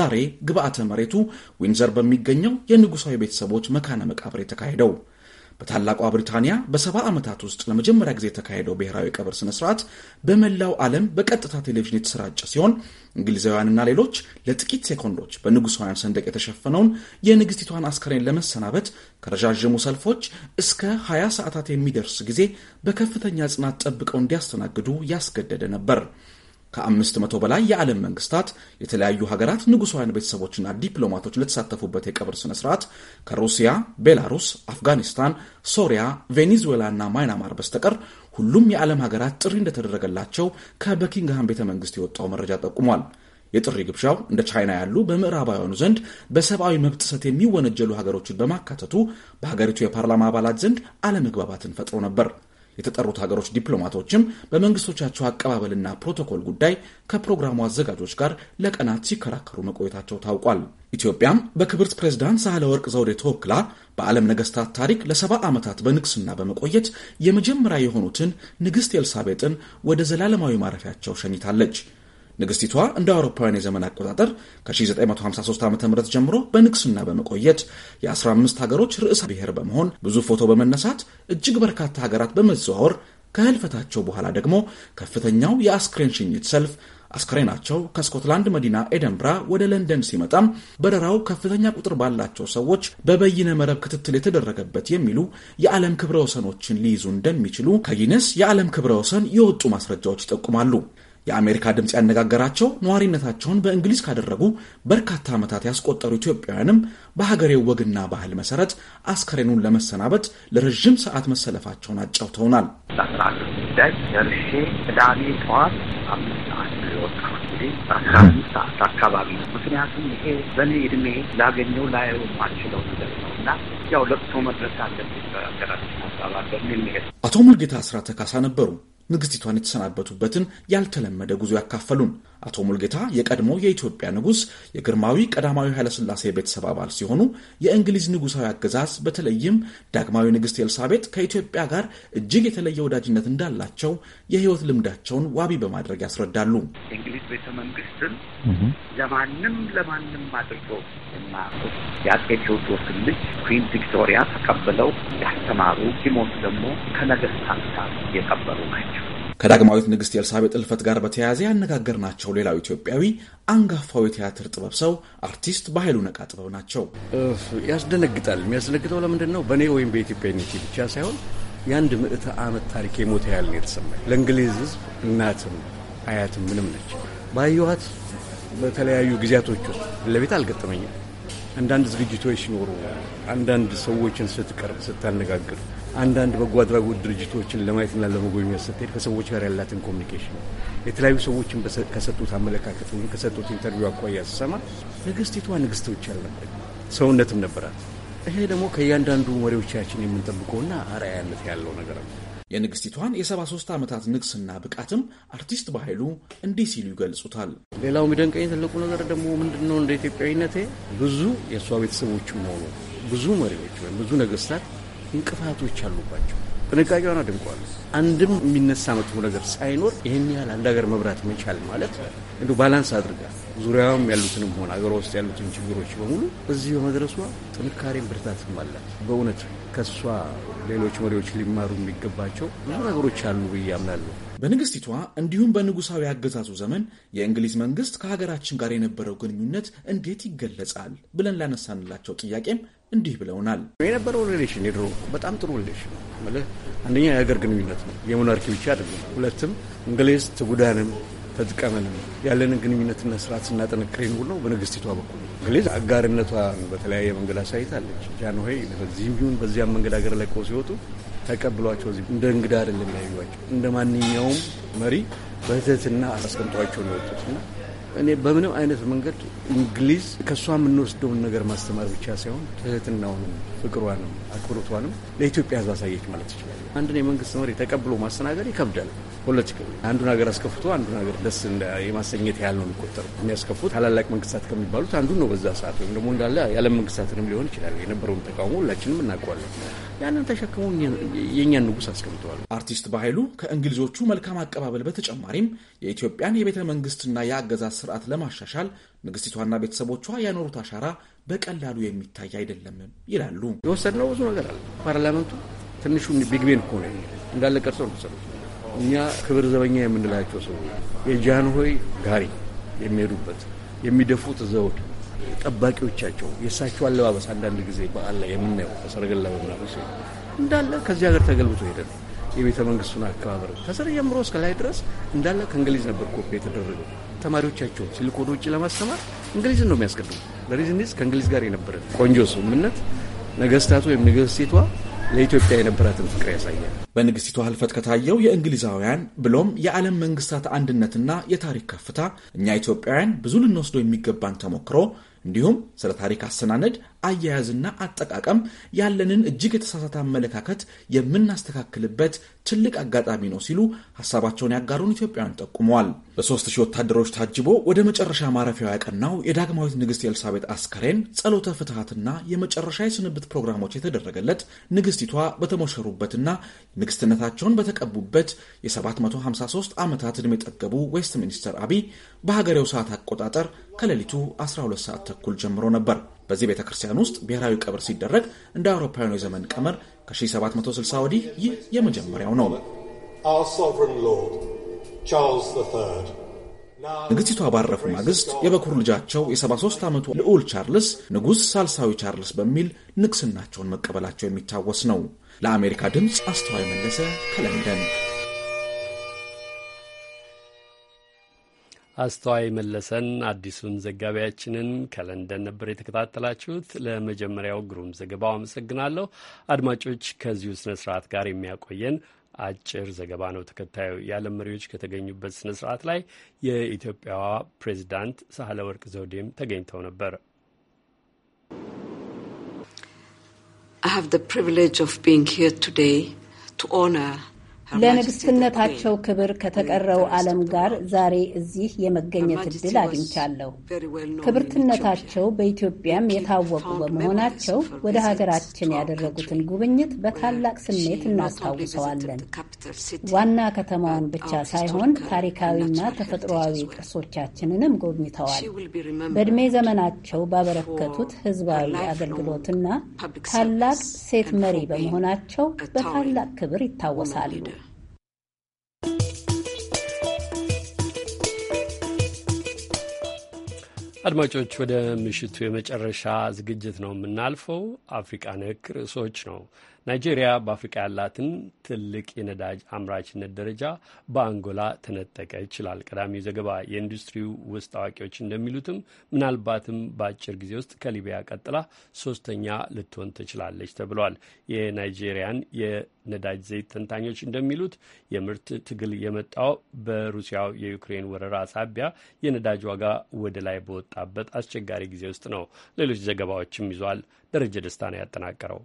ዛሬ ግብአተ መሬቱ ዊንዘር በሚገኘው የንጉሣዊ ቤተሰቦች መካነ መቃብር የተካሄደው። በታላቋ ብሪታንያ በሰባ ዓመታት ውስጥ ለመጀመሪያ ጊዜ የተካሄደው ብሔራዊ ቀብር ስነ ስርዓት በመላው ዓለም በቀጥታ ቴሌቪዥን የተሰራጨ ሲሆን እንግሊዛውያንና ሌሎች ለጥቂት ሴኮንዶች በንጉሳውያን ሰንደቅ የተሸፈነውን የንግሥቲቷን አስከሬን ለመሰናበት ከረዣዥሙ ሰልፎች እስከ 20 ሰዓታት የሚደርስ ጊዜ በከፍተኛ ጽናት ጠብቀው እንዲያስተናግዱ ያስገደደ ነበር። ከአምስት መቶ በላይ የዓለም መንግስታት፣ የተለያዩ ሀገራት ንጉሳውያን ቤተሰቦችና ዲፕሎማቶች ለተሳተፉበት የቀብር ስነ ስርዓት ከሩሲያ፣ ቤላሩስ፣ አፍጋኒስታን፣ ሶሪያ፣ ቬኔዙዌላ እና ማይናማር በስተቀር ሁሉም የዓለም ሀገራት ጥሪ እንደተደረገላቸው ከበኪንግሃም ቤተ መንግስት የወጣው መረጃ ጠቁሟል። የጥሪ ግብዣው እንደ ቻይና ያሉ በምዕራባውያኑ ዘንድ በሰብአዊ መብት ጥሰት የሚወነጀሉ ሀገሮችን በማካተቱ በሀገሪቱ የፓርላማ አባላት ዘንድ አለመግባባትን ፈጥሮ ነበር። የተጠሩት ሀገሮች ዲፕሎማቶችም በመንግስቶቻቸው አቀባበልና ፕሮቶኮል ጉዳይ ከፕሮግራሙ አዘጋጆች ጋር ለቀናት ሲከራከሩ መቆየታቸው ታውቋል። ኢትዮጵያም በክብርት ፕሬዝዳንት ሳህለ ወርቅ ዘውዴ ተወክላ በዓለም ነገስታት ታሪክ ለሰባ ዓመታት በንግስና በመቆየት የመጀመሪያ የሆኑትን ንግሥት ኤልሳቤጥን ወደ ዘላለማዊ ማረፊያቸው ሸኝታለች። ንግስቲቷ እንደ አውሮፓውያን የዘመን አቆጣጠር ከ1953 ዓ ም ጀምሮ በንግስና በመቆየት የ15 ሀገሮች ርዕሰ ብሔር በመሆን ብዙ ፎቶ በመነሳት እጅግ በርካታ ሀገራት በመዘዋወር ከህልፈታቸው በኋላ ደግሞ ከፍተኛው የአስክሬን ሽኝት ሰልፍ አስክሬናቸው ከስኮትላንድ መዲና ኤደንብራ ወደ ለንደን ሲመጣም በረራው ከፍተኛ ቁጥር ባላቸው ሰዎች በበይነ መረብ ክትትል የተደረገበት የሚሉ የዓለም ክብረ ወሰኖችን ሊይዙ እንደሚችሉ ከጊነስ የዓለም ክብረ ወሰን የወጡ ማስረጃዎች ይጠቁማሉ። የአሜሪካ ድምፅ ያነጋገራቸው ነዋሪነታቸውን በእንግሊዝ ካደረጉ በርካታ ዓመታት ያስቆጠሩ ኢትዮጵያውያንም በሀገሬው ወግና ባህል መሰረት አስከሬኑን ለመሰናበት ለረዥም ሰዓት መሰለፋቸውን አጫውተውናል። ለሰዓት አስራ አምስት ሰዓት አካባቢ ነው። ምክንያቱም ይሄ በእኔ እድሜ ላገኘው ላየው ማችለው ነገር ነው እና ያው ለቅሶ መድረስ አለብኝ በሀገራችን አባባል በሚል ሄድ አቶ ሙልጌታ አስራተ ካሳ ነበሩ። ንግሥቲቷን የተሰናበቱበትን ያልተለመደ ጉዞ ያካፈሉን አቶ ሙልጌታ የቀድሞ የኢትዮጵያ ንጉሥ የግርማዊ ቀዳማዊ ኃይለሥላሴ ቤተሰብ አባል ሲሆኑ የእንግሊዝ ንጉሣዊ አገዛዝ በተለይም ዳግማዊ ንግሥት ኤልሳቤጥ ከኢትዮጵያ ጋር እጅግ የተለየ ወዳጅነት እንዳላቸው የሕይወት ልምዳቸውን ዋቢ በማድረግ ያስረዳሉ። እንግሊዝ ቤተ መንግሥትን ለማንም ለማንም አድርጎ የማያውቁት የአጼ ቴዎድሮስን ልጅ ኩዊን ቪክቶሪያ ተቀብለው ያስተማሩ ሲሞቱ ደግሞ ከነገስታት ጋር የቀበሩ ናቸው። ከዳግማዊት ንግሥት ኤልሳቤጥ እልፈት ጋር በተያያዘ ያነጋገርናቸው ሌላው ኢትዮጵያዊ አንጋፋው የቲያትር ጥበብ ሰው አርቲስት በኃይሉ ነቃ ጥበብ ናቸው። ያስደነግጣል። የሚያስደነግጠው ለምንድን ነው? በእኔ ወይም በኢትዮጵያዊነቴ ብቻ ሳይሆን የአንድ ምዕተ ዓመት ታሪክ የሞተ ያህል ነው የተሰማኝ። ለእንግሊዝ ሕዝብ እናትም አያትም ምንም ነች። ባየኋት በተለያዩ ጊዜያቶች ውስጥ ለቤት አልገጠመኝም። አንዳንድ ዝግጅቶች ሲኖሩ አንዳንድ ሰዎችን ስትቀርብ ስታነጋግር አንዳንድ በጎ አድራጎት ድርጅቶችን ለማየትና ለመጎብኘት ስትሄድ ከሰዎች ጋር ያላትን ኮሚኒኬሽን የተለያዩ ሰዎችን ከሰጡት አመለካከት ወይም ከሰጡት ኢንተርቪው አኳያ ስሰማ ንግስቲቷ ንግስት ብቻ ሰውነትም ነበራት። ይሄ ደግሞ ከእያንዳንዱ መሪዎቻችን የምንጠብቀውና አርአያነት ያለው ነገር ነው። የንግስቲቷን የ73 ዓመታት ንግስና ብቃትም አርቲስት በኃይሉ እንዲህ ሲሉ ይገልጹታል። ሌላው የሚደንቀኝ ትልቁ ነገር ደግሞ ምንድን እንደ ኢትዮጵያዊነቴ ብዙ የእሷ ቤተሰቦችም ሆኑ ብዙ መሪዎች ወይም ብዙ ነገስታት እንቅፋቶች አሉባቸው። ጥንቃቄዋን አድንቋል። አንድም የሚነሳ መጥፎ ነገር ሳይኖር ይህን ያህል አንድ ሀገር መብራት መቻል ማለት እንዲ ባላንስ አድርጋ ዙሪያውም ያሉትንም ሆነ ሀገሯ ውስጥ ያሉትን ችግሮች በሙሉ እዚህ በመድረሷ ጥንካሬም ብርታትም አላት። በእውነት ከሷ ሌሎች መሪዎች ሊማሩ የሚገባቸው ብዙ ነገሮች አሉ ብዬ አምናለሁ። በንግስቲቷ እንዲሁም በንጉሳዊ አገዛዙ ዘመን የእንግሊዝ መንግስት ከሀገራችን ጋር የነበረው ግንኙነት እንዴት ይገለጻል ብለን ላነሳንላቸው ጥያቄም እንዲህ ብለውናል። የነበረው ሪሌሽን የድሮ በጣም ጥሩ ሪሌሽን ነው። አንደኛ የሀገር ግንኙነት ነው፣ የሞናርኪ ብቻ አይደለም። ሁለትም እንግሊዝ ትጉዳንም ተጥቀመንም ያለንን ግንኙነትና ስርዓት ስናጠነክር ሁሉ በንግስቲቷ በኩል እንግሊዝ አጋርነቷን በተለያየ መንገድ አሳይታለች። ጃንሆይ በዚህም ይሁን በዚያም መንገድ ሀገር ለቀው ሲወጡ ተቀብሏቸው እንደ እንግዳ አይደለም ያዩቸው እንደ ማንኛውም መሪ በህተትና አስቀምጧቸው ነው የወጡትና እኔ በምንም አይነት መንገድ እንግሊዝ ከእሷ የምንወስደውን ነገር ማስተማር ብቻ ሳይሆን ትህትናውንም፣ ፍቅሯንም፣ አክብሮቷንም ለኢትዮጵያ ሕዝብ አሳየች ማለት ይችላል። አንድን የመንግስት መሪ ተቀብሎ ማስተናገድ ይከብዳል። ፖለቲካ አንዱን ሀገር አስከፍቶ አንዱን ሀገር ደስ የማሰኘት ያህል ነው የሚቆጠሩ። የሚያስከፉት ታላላቅ መንግስታት ከሚባሉት አንዱን ነው በዛ ሰዓት ወይም ደግሞ እንዳለ የዓለም መንግስታትንም ሊሆን ይችላል። የነበረውን ተቃውሞ ሁላችንም እናውቀዋለን። ያንን ተሸክሞ የእኛን ንጉስ አስቀምጠዋል። አርቲስት በኃይሉ ከእንግሊዞቹ መልካም አቀባበል በተጨማሪም የኢትዮጵያን የቤተ መንግስትና የአገዛዝ ስርዓት ለማሻሻል ንግስቲቷና ቤተሰቦቿ ያኖሩት አሻራ በቀላሉ የሚታይ አይደለም ይላሉ። የወሰድነው ብዙ ነገር አለ። ፓርላመንቱ ትንሹ ቢግቤን እኮ ነው እንዳለ ቀርጾ ነው። እኛ ክብር ዘበኛ የምንላቸው ሰው የጃንሆይ ጋሪ የሚሄዱበት የሚደፉት ዘውድ ጠባቂዎቻቸው የእሳቸው አለባበስ አንዳንድ ጊዜ በዓል ላይ የምናየው ከሰረገላ በምናምን እንዳለ ከዚህ ሀገር ተገልብቶ ሄደ ነው። የቤተ መንግስቱን አከባበር ከስር ጀምሮ እስከ ላይ ድረስ እንዳለ ከእንግሊዝ ነበር ኮፒ የተደረገው። ተማሪዎቻቸውን ሲልክ ወደ ውጭ ለማስተማር እንግሊዝን ነው የሚያስቀድሙ። ለሪዝኒዝ ከእንግሊዝ ጋር የነበረ ቆንጆ ስምምነት ነገስታቱ ወይም ነገስቴቷ ለኢትዮጵያ የነበራትን ፍቅር ያሳያል። በንግስቲቱ ህልፈት ከታየው የእንግሊዛውያን ብሎም የዓለም መንግስታት አንድነትና የታሪክ ከፍታ እኛ ኢትዮጵያውያን ብዙ ልንወስዶ የሚገባን ተሞክሮ እንዲሁም ስለ ታሪክ አሰናነድ አያያዝና አጠቃቀም ያለንን እጅግ የተሳሳተ አመለካከት የምናስተካክልበት ትልቅ አጋጣሚ ነው ሲሉ ሀሳባቸውን ያጋሩን ኢትዮጵያውያን ጠቁመዋል። በሦስት ሺህ ወታደሮች ታጅቦ ወደ መጨረሻ ማረፊያው ያቀናው የዳግማዊት ንግሥት ኤልሳቤጥ አስከሬን ጸሎተ ፍትሐትና የመጨረሻ የስንብት ፕሮግራሞች የተደረገለት ንግሥቲቷ በተሞሸሩበትና ንግሥትነታቸውን በተቀቡበት የ753 ዓመታት ዕድሜ የጠገቡ ዌስትሚኒስተር አብይ በሀገሬው ሰዓት አቆጣጠር ከሌሊቱ 12 ሰዓት ተኩል ጀምሮ ነበር። በዚህ ቤተ ክርስቲያን ውስጥ ብሔራዊ ቀብር ሲደረግ እንደ አውሮፓውያኑ የዘመን ቀመር ከ1760 ወዲህ ይህ የመጀመሪያው ነው። ንግሥቲቷ ባረፉ ማግስት የበኩር ልጃቸው የ73 ዓመቱ ልዑል ቻርልስ ንጉሥ ሳልሳዊ ቻርልስ በሚል ንግሥናቸውን መቀበላቸው የሚታወስ ነው። ለአሜሪካ ድምፅ አስተዋይ መለሰ ከለንደን አስተዋይ መለሰን አዲሱን ዘጋቢያችንን ከለንደን ነበር የተከታተላችሁት። ለመጀመሪያው ግሩም ዘገባው አመሰግናለሁ። አድማጮች፣ ከዚሁ ስነ ስርዓት ጋር የሚያቆየን አጭር ዘገባ ነው ተከታዩ። የዓለም መሪዎች ከተገኙበት ስነ ስርዓት ላይ የኢትዮጵያዋ ፕሬዚዳንት ሳህለ ወርቅ ዘውዴም ተገኝተው ነበር። I have the privilege of being here today to honor ለንግስትነታቸው ክብር ከተቀረው ዓለም ጋር ዛሬ እዚህ የመገኘት እድል አግኝቻለሁ። ክብርትነታቸው በኢትዮጵያም የታወቁ በመሆናቸው ወደ ሀገራችን ያደረጉትን ጉብኝት በታላቅ ስሜት እናስታውሰዋለን። ዋና ከተማዋን ብቻ ሳይሆን ታሪካዊና ተፈጥሮዊ ቅርሶቻችንንም ጎብኝተዋል። በእድሜ ዘመናቸው ባበረከቱት ህዝባዊ አገልግሎትና ታላቅ ሴት መሪ በመሆናቸው በታላቅ ክብር ይታወሳሉ። አድማጮች ወደ ምሽቱ የመጨረሻ ዝግጅት ነው የምናልፈው። አፍሪቃ ነክ ርዕሶች ነው። ናይጄሪያ በአፍሪቃ ያላትን ትልቅ የነዳጅ አምራችነት ደረጃ በአንጎላ ተነጠቀ ይችላል ቀዳሚው ዘገባ። የኢንዱስትሪው ውስጥ አዋቂዎች እንደሚሉትም ምናልባትም በአጭር ጊዜ ውስጥ ከሊቢያ ቀጥላ ሶስተኛ ልትሆን ትችላለች ተብሏል። የናይጄሪያን የነዳጅ ዘይት ተንታኞች እንደሚሉት የምርት ትግል የመጣው በሩሲያው የዩክሬን ወረራ ሳቢያ የነዳጅ ዋጋ ወደ ላይ በወጣበት አስቸጋሪ ጊዜ ውስጥ ነው። ሌሎች ዘገባዎችም ይዟል። ደረጀ ደስታ ነው ያጠናቀረው።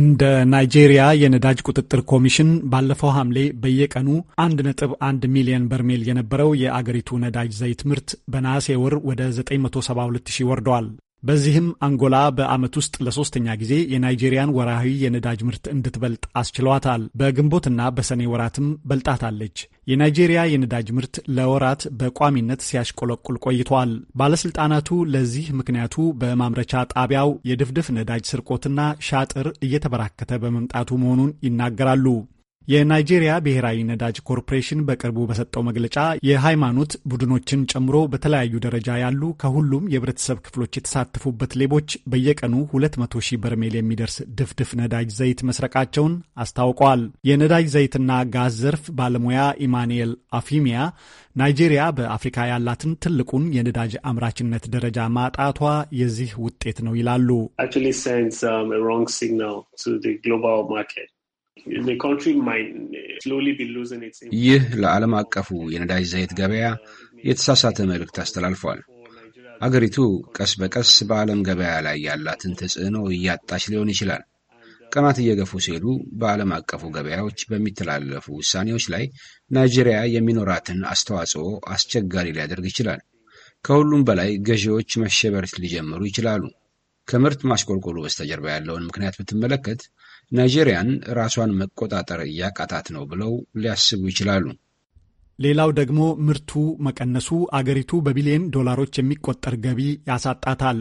እንደ ናይጄሪያ የነዳጅ ቁጥጥር ኮሚሽን ባለፈው ሐምሌ በየቀኑ 1.1 ሚሊዮን በርሜል የነበረው የአገሪቱ ነዳጅ ዘይት ምርት በነሐሴ ወር ወደ 972 ሺህ ወርደዋል። በዚህም አንጎላ በዓመት ውስጥ ለሶስተኛ ጊዜ የናይጄሪያን ወራዊ የነዳጅ ምርት እንድትበልጥ አስችሏታል። በግንቦትና በሰኔ ወራትም በልጣታለች። የናይጄሪያ የነዳጅ ምርት ለወራት በቋሚነት ሲያሽቆለቁል ቆይቷል። ባለስልጣናቱ ለዚህ ምክንያቱ በማምረቻ ጣቢያው የድፍድፍ ነዳጅ ስርቆትና ሻጥር እየተበራከተ በመምጣቱ መሆኑን ይናገራሉ። የናይጄሪያ ብሔራዊ ነዳጅ ኮርፖሬሽን በቅርቡ በሰጠው መግለጫ የሃይማኖት ቡድኖችን ጨምሮ በተለያዩ ደረጃ ያሉ ከሁሉም የህብረተሰብ ክፍሎች የተሳተፉበት ሌቦች በየቀኑ 200 ሺህ በርሜል የሚደርስ ድፍድፍ ነዳጅ ዘይት መስረቃቸውን አስታውቀዋል። የነዳጅ ዘይትና ጋዝ ዘርፍ ባለሙያ ኢማንኤል አፊሚያ ናይጄሪያ በአፍሪካ ያላትን ትልቁን የነዳጅ አምራችነት ደረጃ ማጣቷ የዚህ ውጤት ነው ይላሉ። ይህ ለዓለም አቀፉ የነዳጅ ዘይት ገበያ የተሳሳተ መልእክት አስተላልፏል። አገሪቱ ቀስ በቀስ በዓለም ገበያ ላይ ያላትን ተጽዕኖ እያጣች ሊሆን ይችላል። ቀናት እየገፉ ሲሄዱ በዓለም አቀፉ ገበያዎች በሚተላለፉ ውሳኔዎች ላይ ናይጄሪያ የሚኖራትን አስተዋጽኦ አስቸጋሪ ሊያደርግ ይችላል። ከሁሉም በላይ ገዢዎች መሸበር ሊጀምሩ ይችላሉ። ከምርት ማሽቆልቆሉ በስተጀርባ ያለውን ምክንያት ብትመለከት ናይጄሪያን ራሷን መቆጣጠር እያቃታት ነው ብለው ሊያስቡ ይችላሉ። ሌላው ደግሞ ምርቱ መቀነሱ አገሪቱ በቢሊዮን ዶላሮች የሚቆጠር ገቢ ያሳጣታል።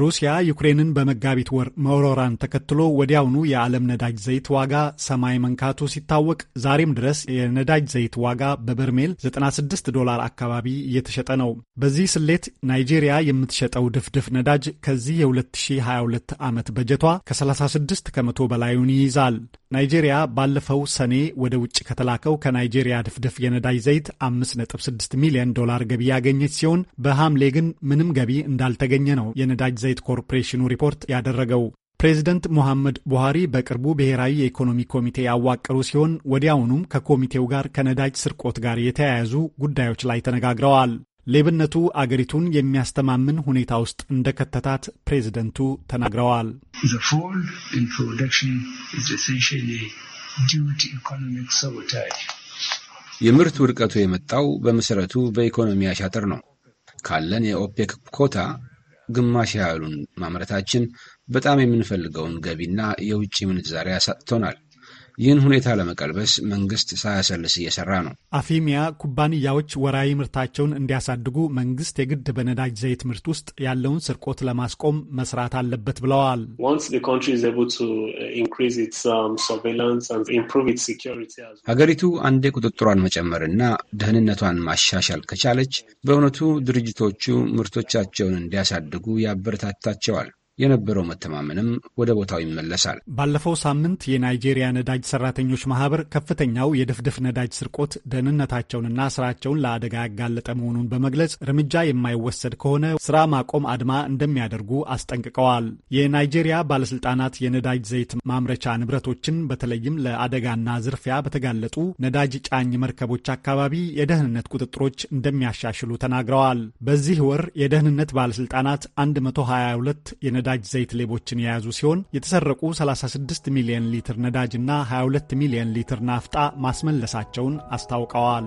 ሩሲያ ዩክሬንን በመጋቢት ወር መወረራን ተከትሎ ወዲያውኑ የዓለም ነዳጅ ዘይት ዋጋ ሰማይ መንካቱ ሲታወቅ ዛሬም ድረስ የነዳጅ ዘይት ዋጋ በበርሜል 96 ዶላር አካባቢ እየተሸጠ ነው። በዚህ ስሌት ናይጄሪያ የምትሸጠው ድፍድፍ ነዳጅ ከዚህ የ2022 ዓመት በጀቷ ከ36 ከመቶ በላዩን ይይዛል። ናይጄሪያ ባለፈው ሰኔ ወደ ውጭ ከተላከው ከናይጄሪያ ድፍድፍ የነዳጅ ዘይት 5.6 ሚሊዮን ዶላር ገቢ ያገኘች ሲሆን በሐምሌ ግን ምንም ገቢ እንዳልተገኘ ነው የነዳጅ ዘይት ኮርፖሬሽኑ ሪፖርት ያደረገው። ፕሬዚደንት ሞሐመድ ቡሃሪ በቅርቡ ብሔራዊ የኢኮኖሚ ኮሚቴ ያዋቀሩ ሲሆን ወዲያውኑም ከኮሚቴው ጋር ከነዳጅ ስርቆት ጋር የተያያዙ ጉዳዮች ላይ ተነጋግረዋል። ሌብነቱ አገሪቱን የሚያስተማምን ሁኔታ ውስጥ እንደከተታት ፕሬዝደንቱ ተናግረዋል። የምርት ውድቀቱ የመጣው በመሰረቱ በኢኮኖሚ አሻጥር ነው። ካለን የኦፔክ ኮታ ግማሽ ያህሉን ማምረታችን በጣም የምንፈልገውን ገቢና የውጭ ምንዛሪ አሳጥቶናል። ይህን ሁኔታ ለመቀልበስ መንግስት ሳያሰልስ እየሰራ ነው። አፊሚያ ኩባንያዎች ወራዊ ምርታቸውን እንዲያሳድጉ መንግስት የግድ በነዳጅ ዘይት ምርት ውስጥ ያለውን ስርቆት ለማስቆም መስራት አለበት ብለዋል። uh, um, ሀገሪቱ አንዴ ቁጥጥሯን መጨመርና ደህንነቷን ማሻሻል ከቻለች በእውነቱ ድርጅቶቹ ምርቶቻቸውን እንዲያሳድጉ ያበረታታቸዋል። የነበረው መተማመንም ወደ ቦታው ይመለሳል። ባለፈው ሳምንት የናይጄሪያ ነዳጅ ሰራተኞች ማህበር ከፍተኛው የድፍድፍ ነዳጅ ስርቆት ደህንነታቸውንና ስራቸውን ለአደጋ ያጋለጠ መሆኑን በመግለጽ እርምጃ የማይወሰድ ከሆነ ስራ ማቆም አድማ እንደሚያደርጉ አስጠንቅቀዋል። የናይጄሪያ ባለስልጣናት የነዳጅ ዘይት ማምረቻ ንብረቶችን በተለይም ለአደጋና ዝርፊያ በተጋለጡ ነዳጅ ጫኝ መርከቦች አካባቢ የደህንነት ቁጥጥሮች እንደሚያሻሽሉ ተናግረዋል። በዚህ ወር የደህንነት ባለስልጣናት 122 የነ የነዳጅ ዘይት ሌቦችን የያዙ ሲሆን የተሰረቁ 36 ሚሊዮን ሊትር ነዳጅና 22 ሚሊዮን ሊትር ናፍጣ ማስመለሳቸውን አስታውቀዋል።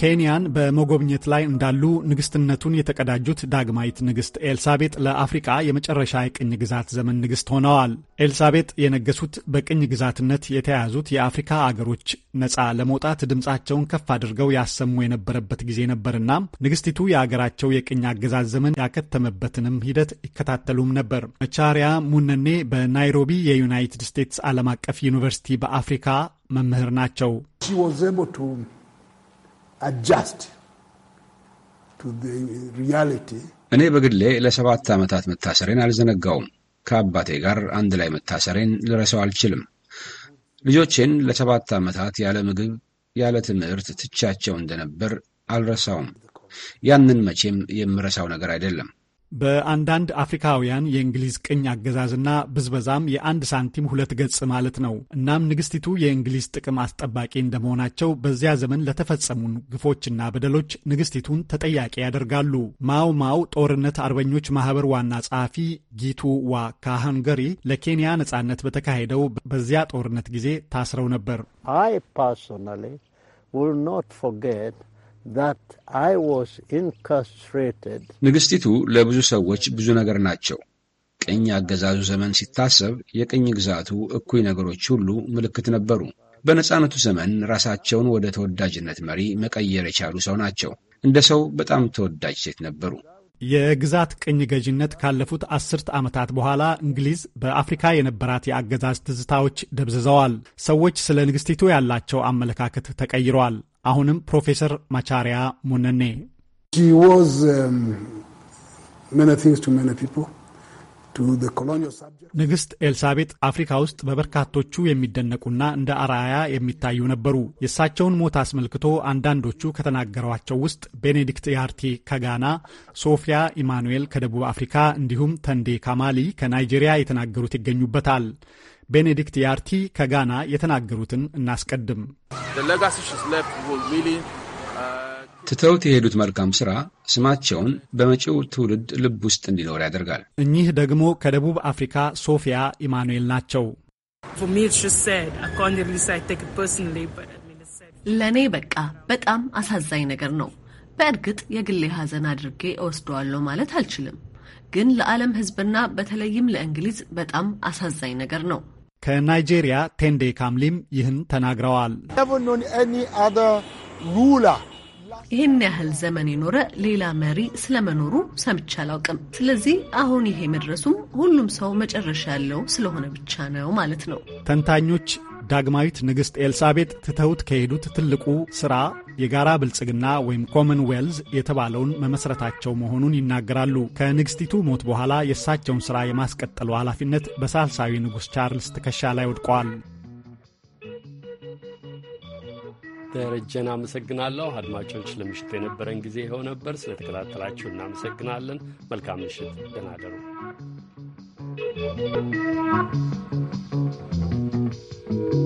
ኬንያን በመጎብኘት ላይ እንዳሉ ንግስትነቱን የተቀዳጁት ዳግማዊት ንግስት ኤልሳቤጥ ለአፍሪቃ የመጨረሻ የቅኝ ግዛት ዘመን ንግስት ሆነዋል። ኤልሳቤጥ የነገሱት በቅኝ ግዛትነት የተያዙት የአፍሪካ አገሮች ነፃ ለመውጣት ድምፃቸውን ከፍ አድርገው ያሰሙ የነበረበት ጊዜ ነበርና ንግስቲቱ የአገራቸው የቅኝ አገዛዝ ዘመን ያከተመበትንም ሂደት ይከታተሉም ነበር። መቻሪያ ሙነኔ በናይሮቢ የዩናይትድ ስቴትስ ዓለም አቀፍ ዩኒቨርሲቲ በአፍሪካ መምህር ናቸው። adjust to the reality እኔ በግሌ ለሰባት ዓመታት መታሰሬን አልዘነጋውም። ከአባቴ ጋር አንድ ላይ መታሰሬን ልረሳው አልችልም። ልጆቼን ለሰባት ዓመታት ያለ ምግብ ያለ ትምህርት ትቻቸው እንደነበር አልረሳውም። ያንን መቼም የምረሳው ነገር አይደለም። በአንዳንድ አፍሪካውያን የእንግሊዝ ቅኝ አገዛዝና ብዝበዛም የአንድ ሳንቲም ሁለት ገጽ ማለት ነው። እናም ንግስቲቱ የእንግሊዝ ጥቅም አስጠባቂ እንደመሆናቸው በዚያ ዘመን ለተፈጸሙን ግፎችና በደሎች ንግስቲቱን ተጠያቂ ያደርጋሉ። ማው ማው ጦርነት አርበኞች ማህበር ዋና ጸሐፊ ጊቱ ዋ ካሃንገሪ ለኬንያ ነጻነት በተካሄደው በዚያ ጦርነት ጊዜ ታስረው ነበር። ንግሥቲቱ ለብዙ ሰዎች ብዙ ነገር ናቸው። ቅኝ አገዛዙ ዘመን ሲታሰብ የቅኝ ግዛቱ እኩይ ነገሮች ሁሉ ምልክት ነበሩ። በነፃነቱ ዘመን ራሳቸውን ወደ ተወዳጅነት መሪ መቀየር የቻሉ ሰው ናቸው። እንደ ሰው በጣም ተወዳጅ ሴት ነበሩ። የግዛት ቅኝ ገዥነት ካለፉት አስርት ዓመታት በኋላ እንግሊዝ በአፍሪካ የነበራት የአገዛዝ ትዝታዎች ደብዝዘዋል። ሰዎች ስለ ንግሥቲቱ ያላቸው አመለካከት ተቀይረዋል። አሁንም ፕሮፌሰር ማቻሪያ ሙነኔ um, ንግሥት ኤልሳቤጥ አፍሪካ ውስጥ በበርካቶቹ የሚደነቁና እንደ አርአያ የሚታዩ ነበሩ። የእሳቸውን ሞት አስመልክቶ አንዳንዶቹ ከተናገሯቸው ውስጥ ቤኔዲክት ያርቲ ከጋና፣ ሶፊያ ኢማኑኤል ከደቡብ አፍሪካ እንዲሁም ተንዴ ካማሊ ከናይጄሪያ የተናገሩት ይገኙበታል። ቤኔዲክት ያርቲ ከጋና የተናገሩትን እናስቀድም። uh, ትተውት የሄዱት መልካም ሥራ ስማቸውን በመጪው ትውልድ ልብ ውስጥ እንዲኖር ያደርጋል። እኚህ ደግሞ ከደቡብ አፍሪካ ሶፊያ ኢማኑኤል ናቸው። ለእኔ በቃ በጣም አሳዛኝ ነገር ነው። በእርግጥ የግሌ ሐዘን አድርጌ እወስደዋለሁ ማለት አልችልም፣ ግን ለዓለም ሕዝብና በተለይም ለእንግሊዝ በጣም አሳዛኝ ነገር ነው። ከናይጄሪያ ቴንዴ ካምሊም ይህን ተናግረዋል። ይህን ያህል ዘመን የኖረ ሌላ መሪ ስለመኖሩ ሰምቼ አላውቅም። ስለዚህ አሁን ይሄ መድረሱም ሁሉም ሰው መጨረሻ ያለው ስለሆነ ብቻ ነው ማለት ነው። ተንታኞች ዳግማዊት ንግሥት ኤልሳቤጥ ትተውት ከሄዱት ትልቁ ሥራ የጋራ ብልጽግና ወይም ዌልዝ የተባለውን መመስረታቸው መሆኑን ይናገራሉ። ከንግስቲቱ ሞት በኋላ የእሳቸውን ሥራ የማስቀጠሉ ኃላፊነት በሳልሳዊ ንጉሥ ቻርልስ ትከሻ ላይ ወድቀዋል። ደረጀን አመሰግናለሁ። አድማጮች፣ ለምሽቱ የነበረን ጊዜ ይኸው ነበር። ስለተከታተላችሁ እናመሰግናለን። መልካም ምሽት፣ ደህና እደሩ።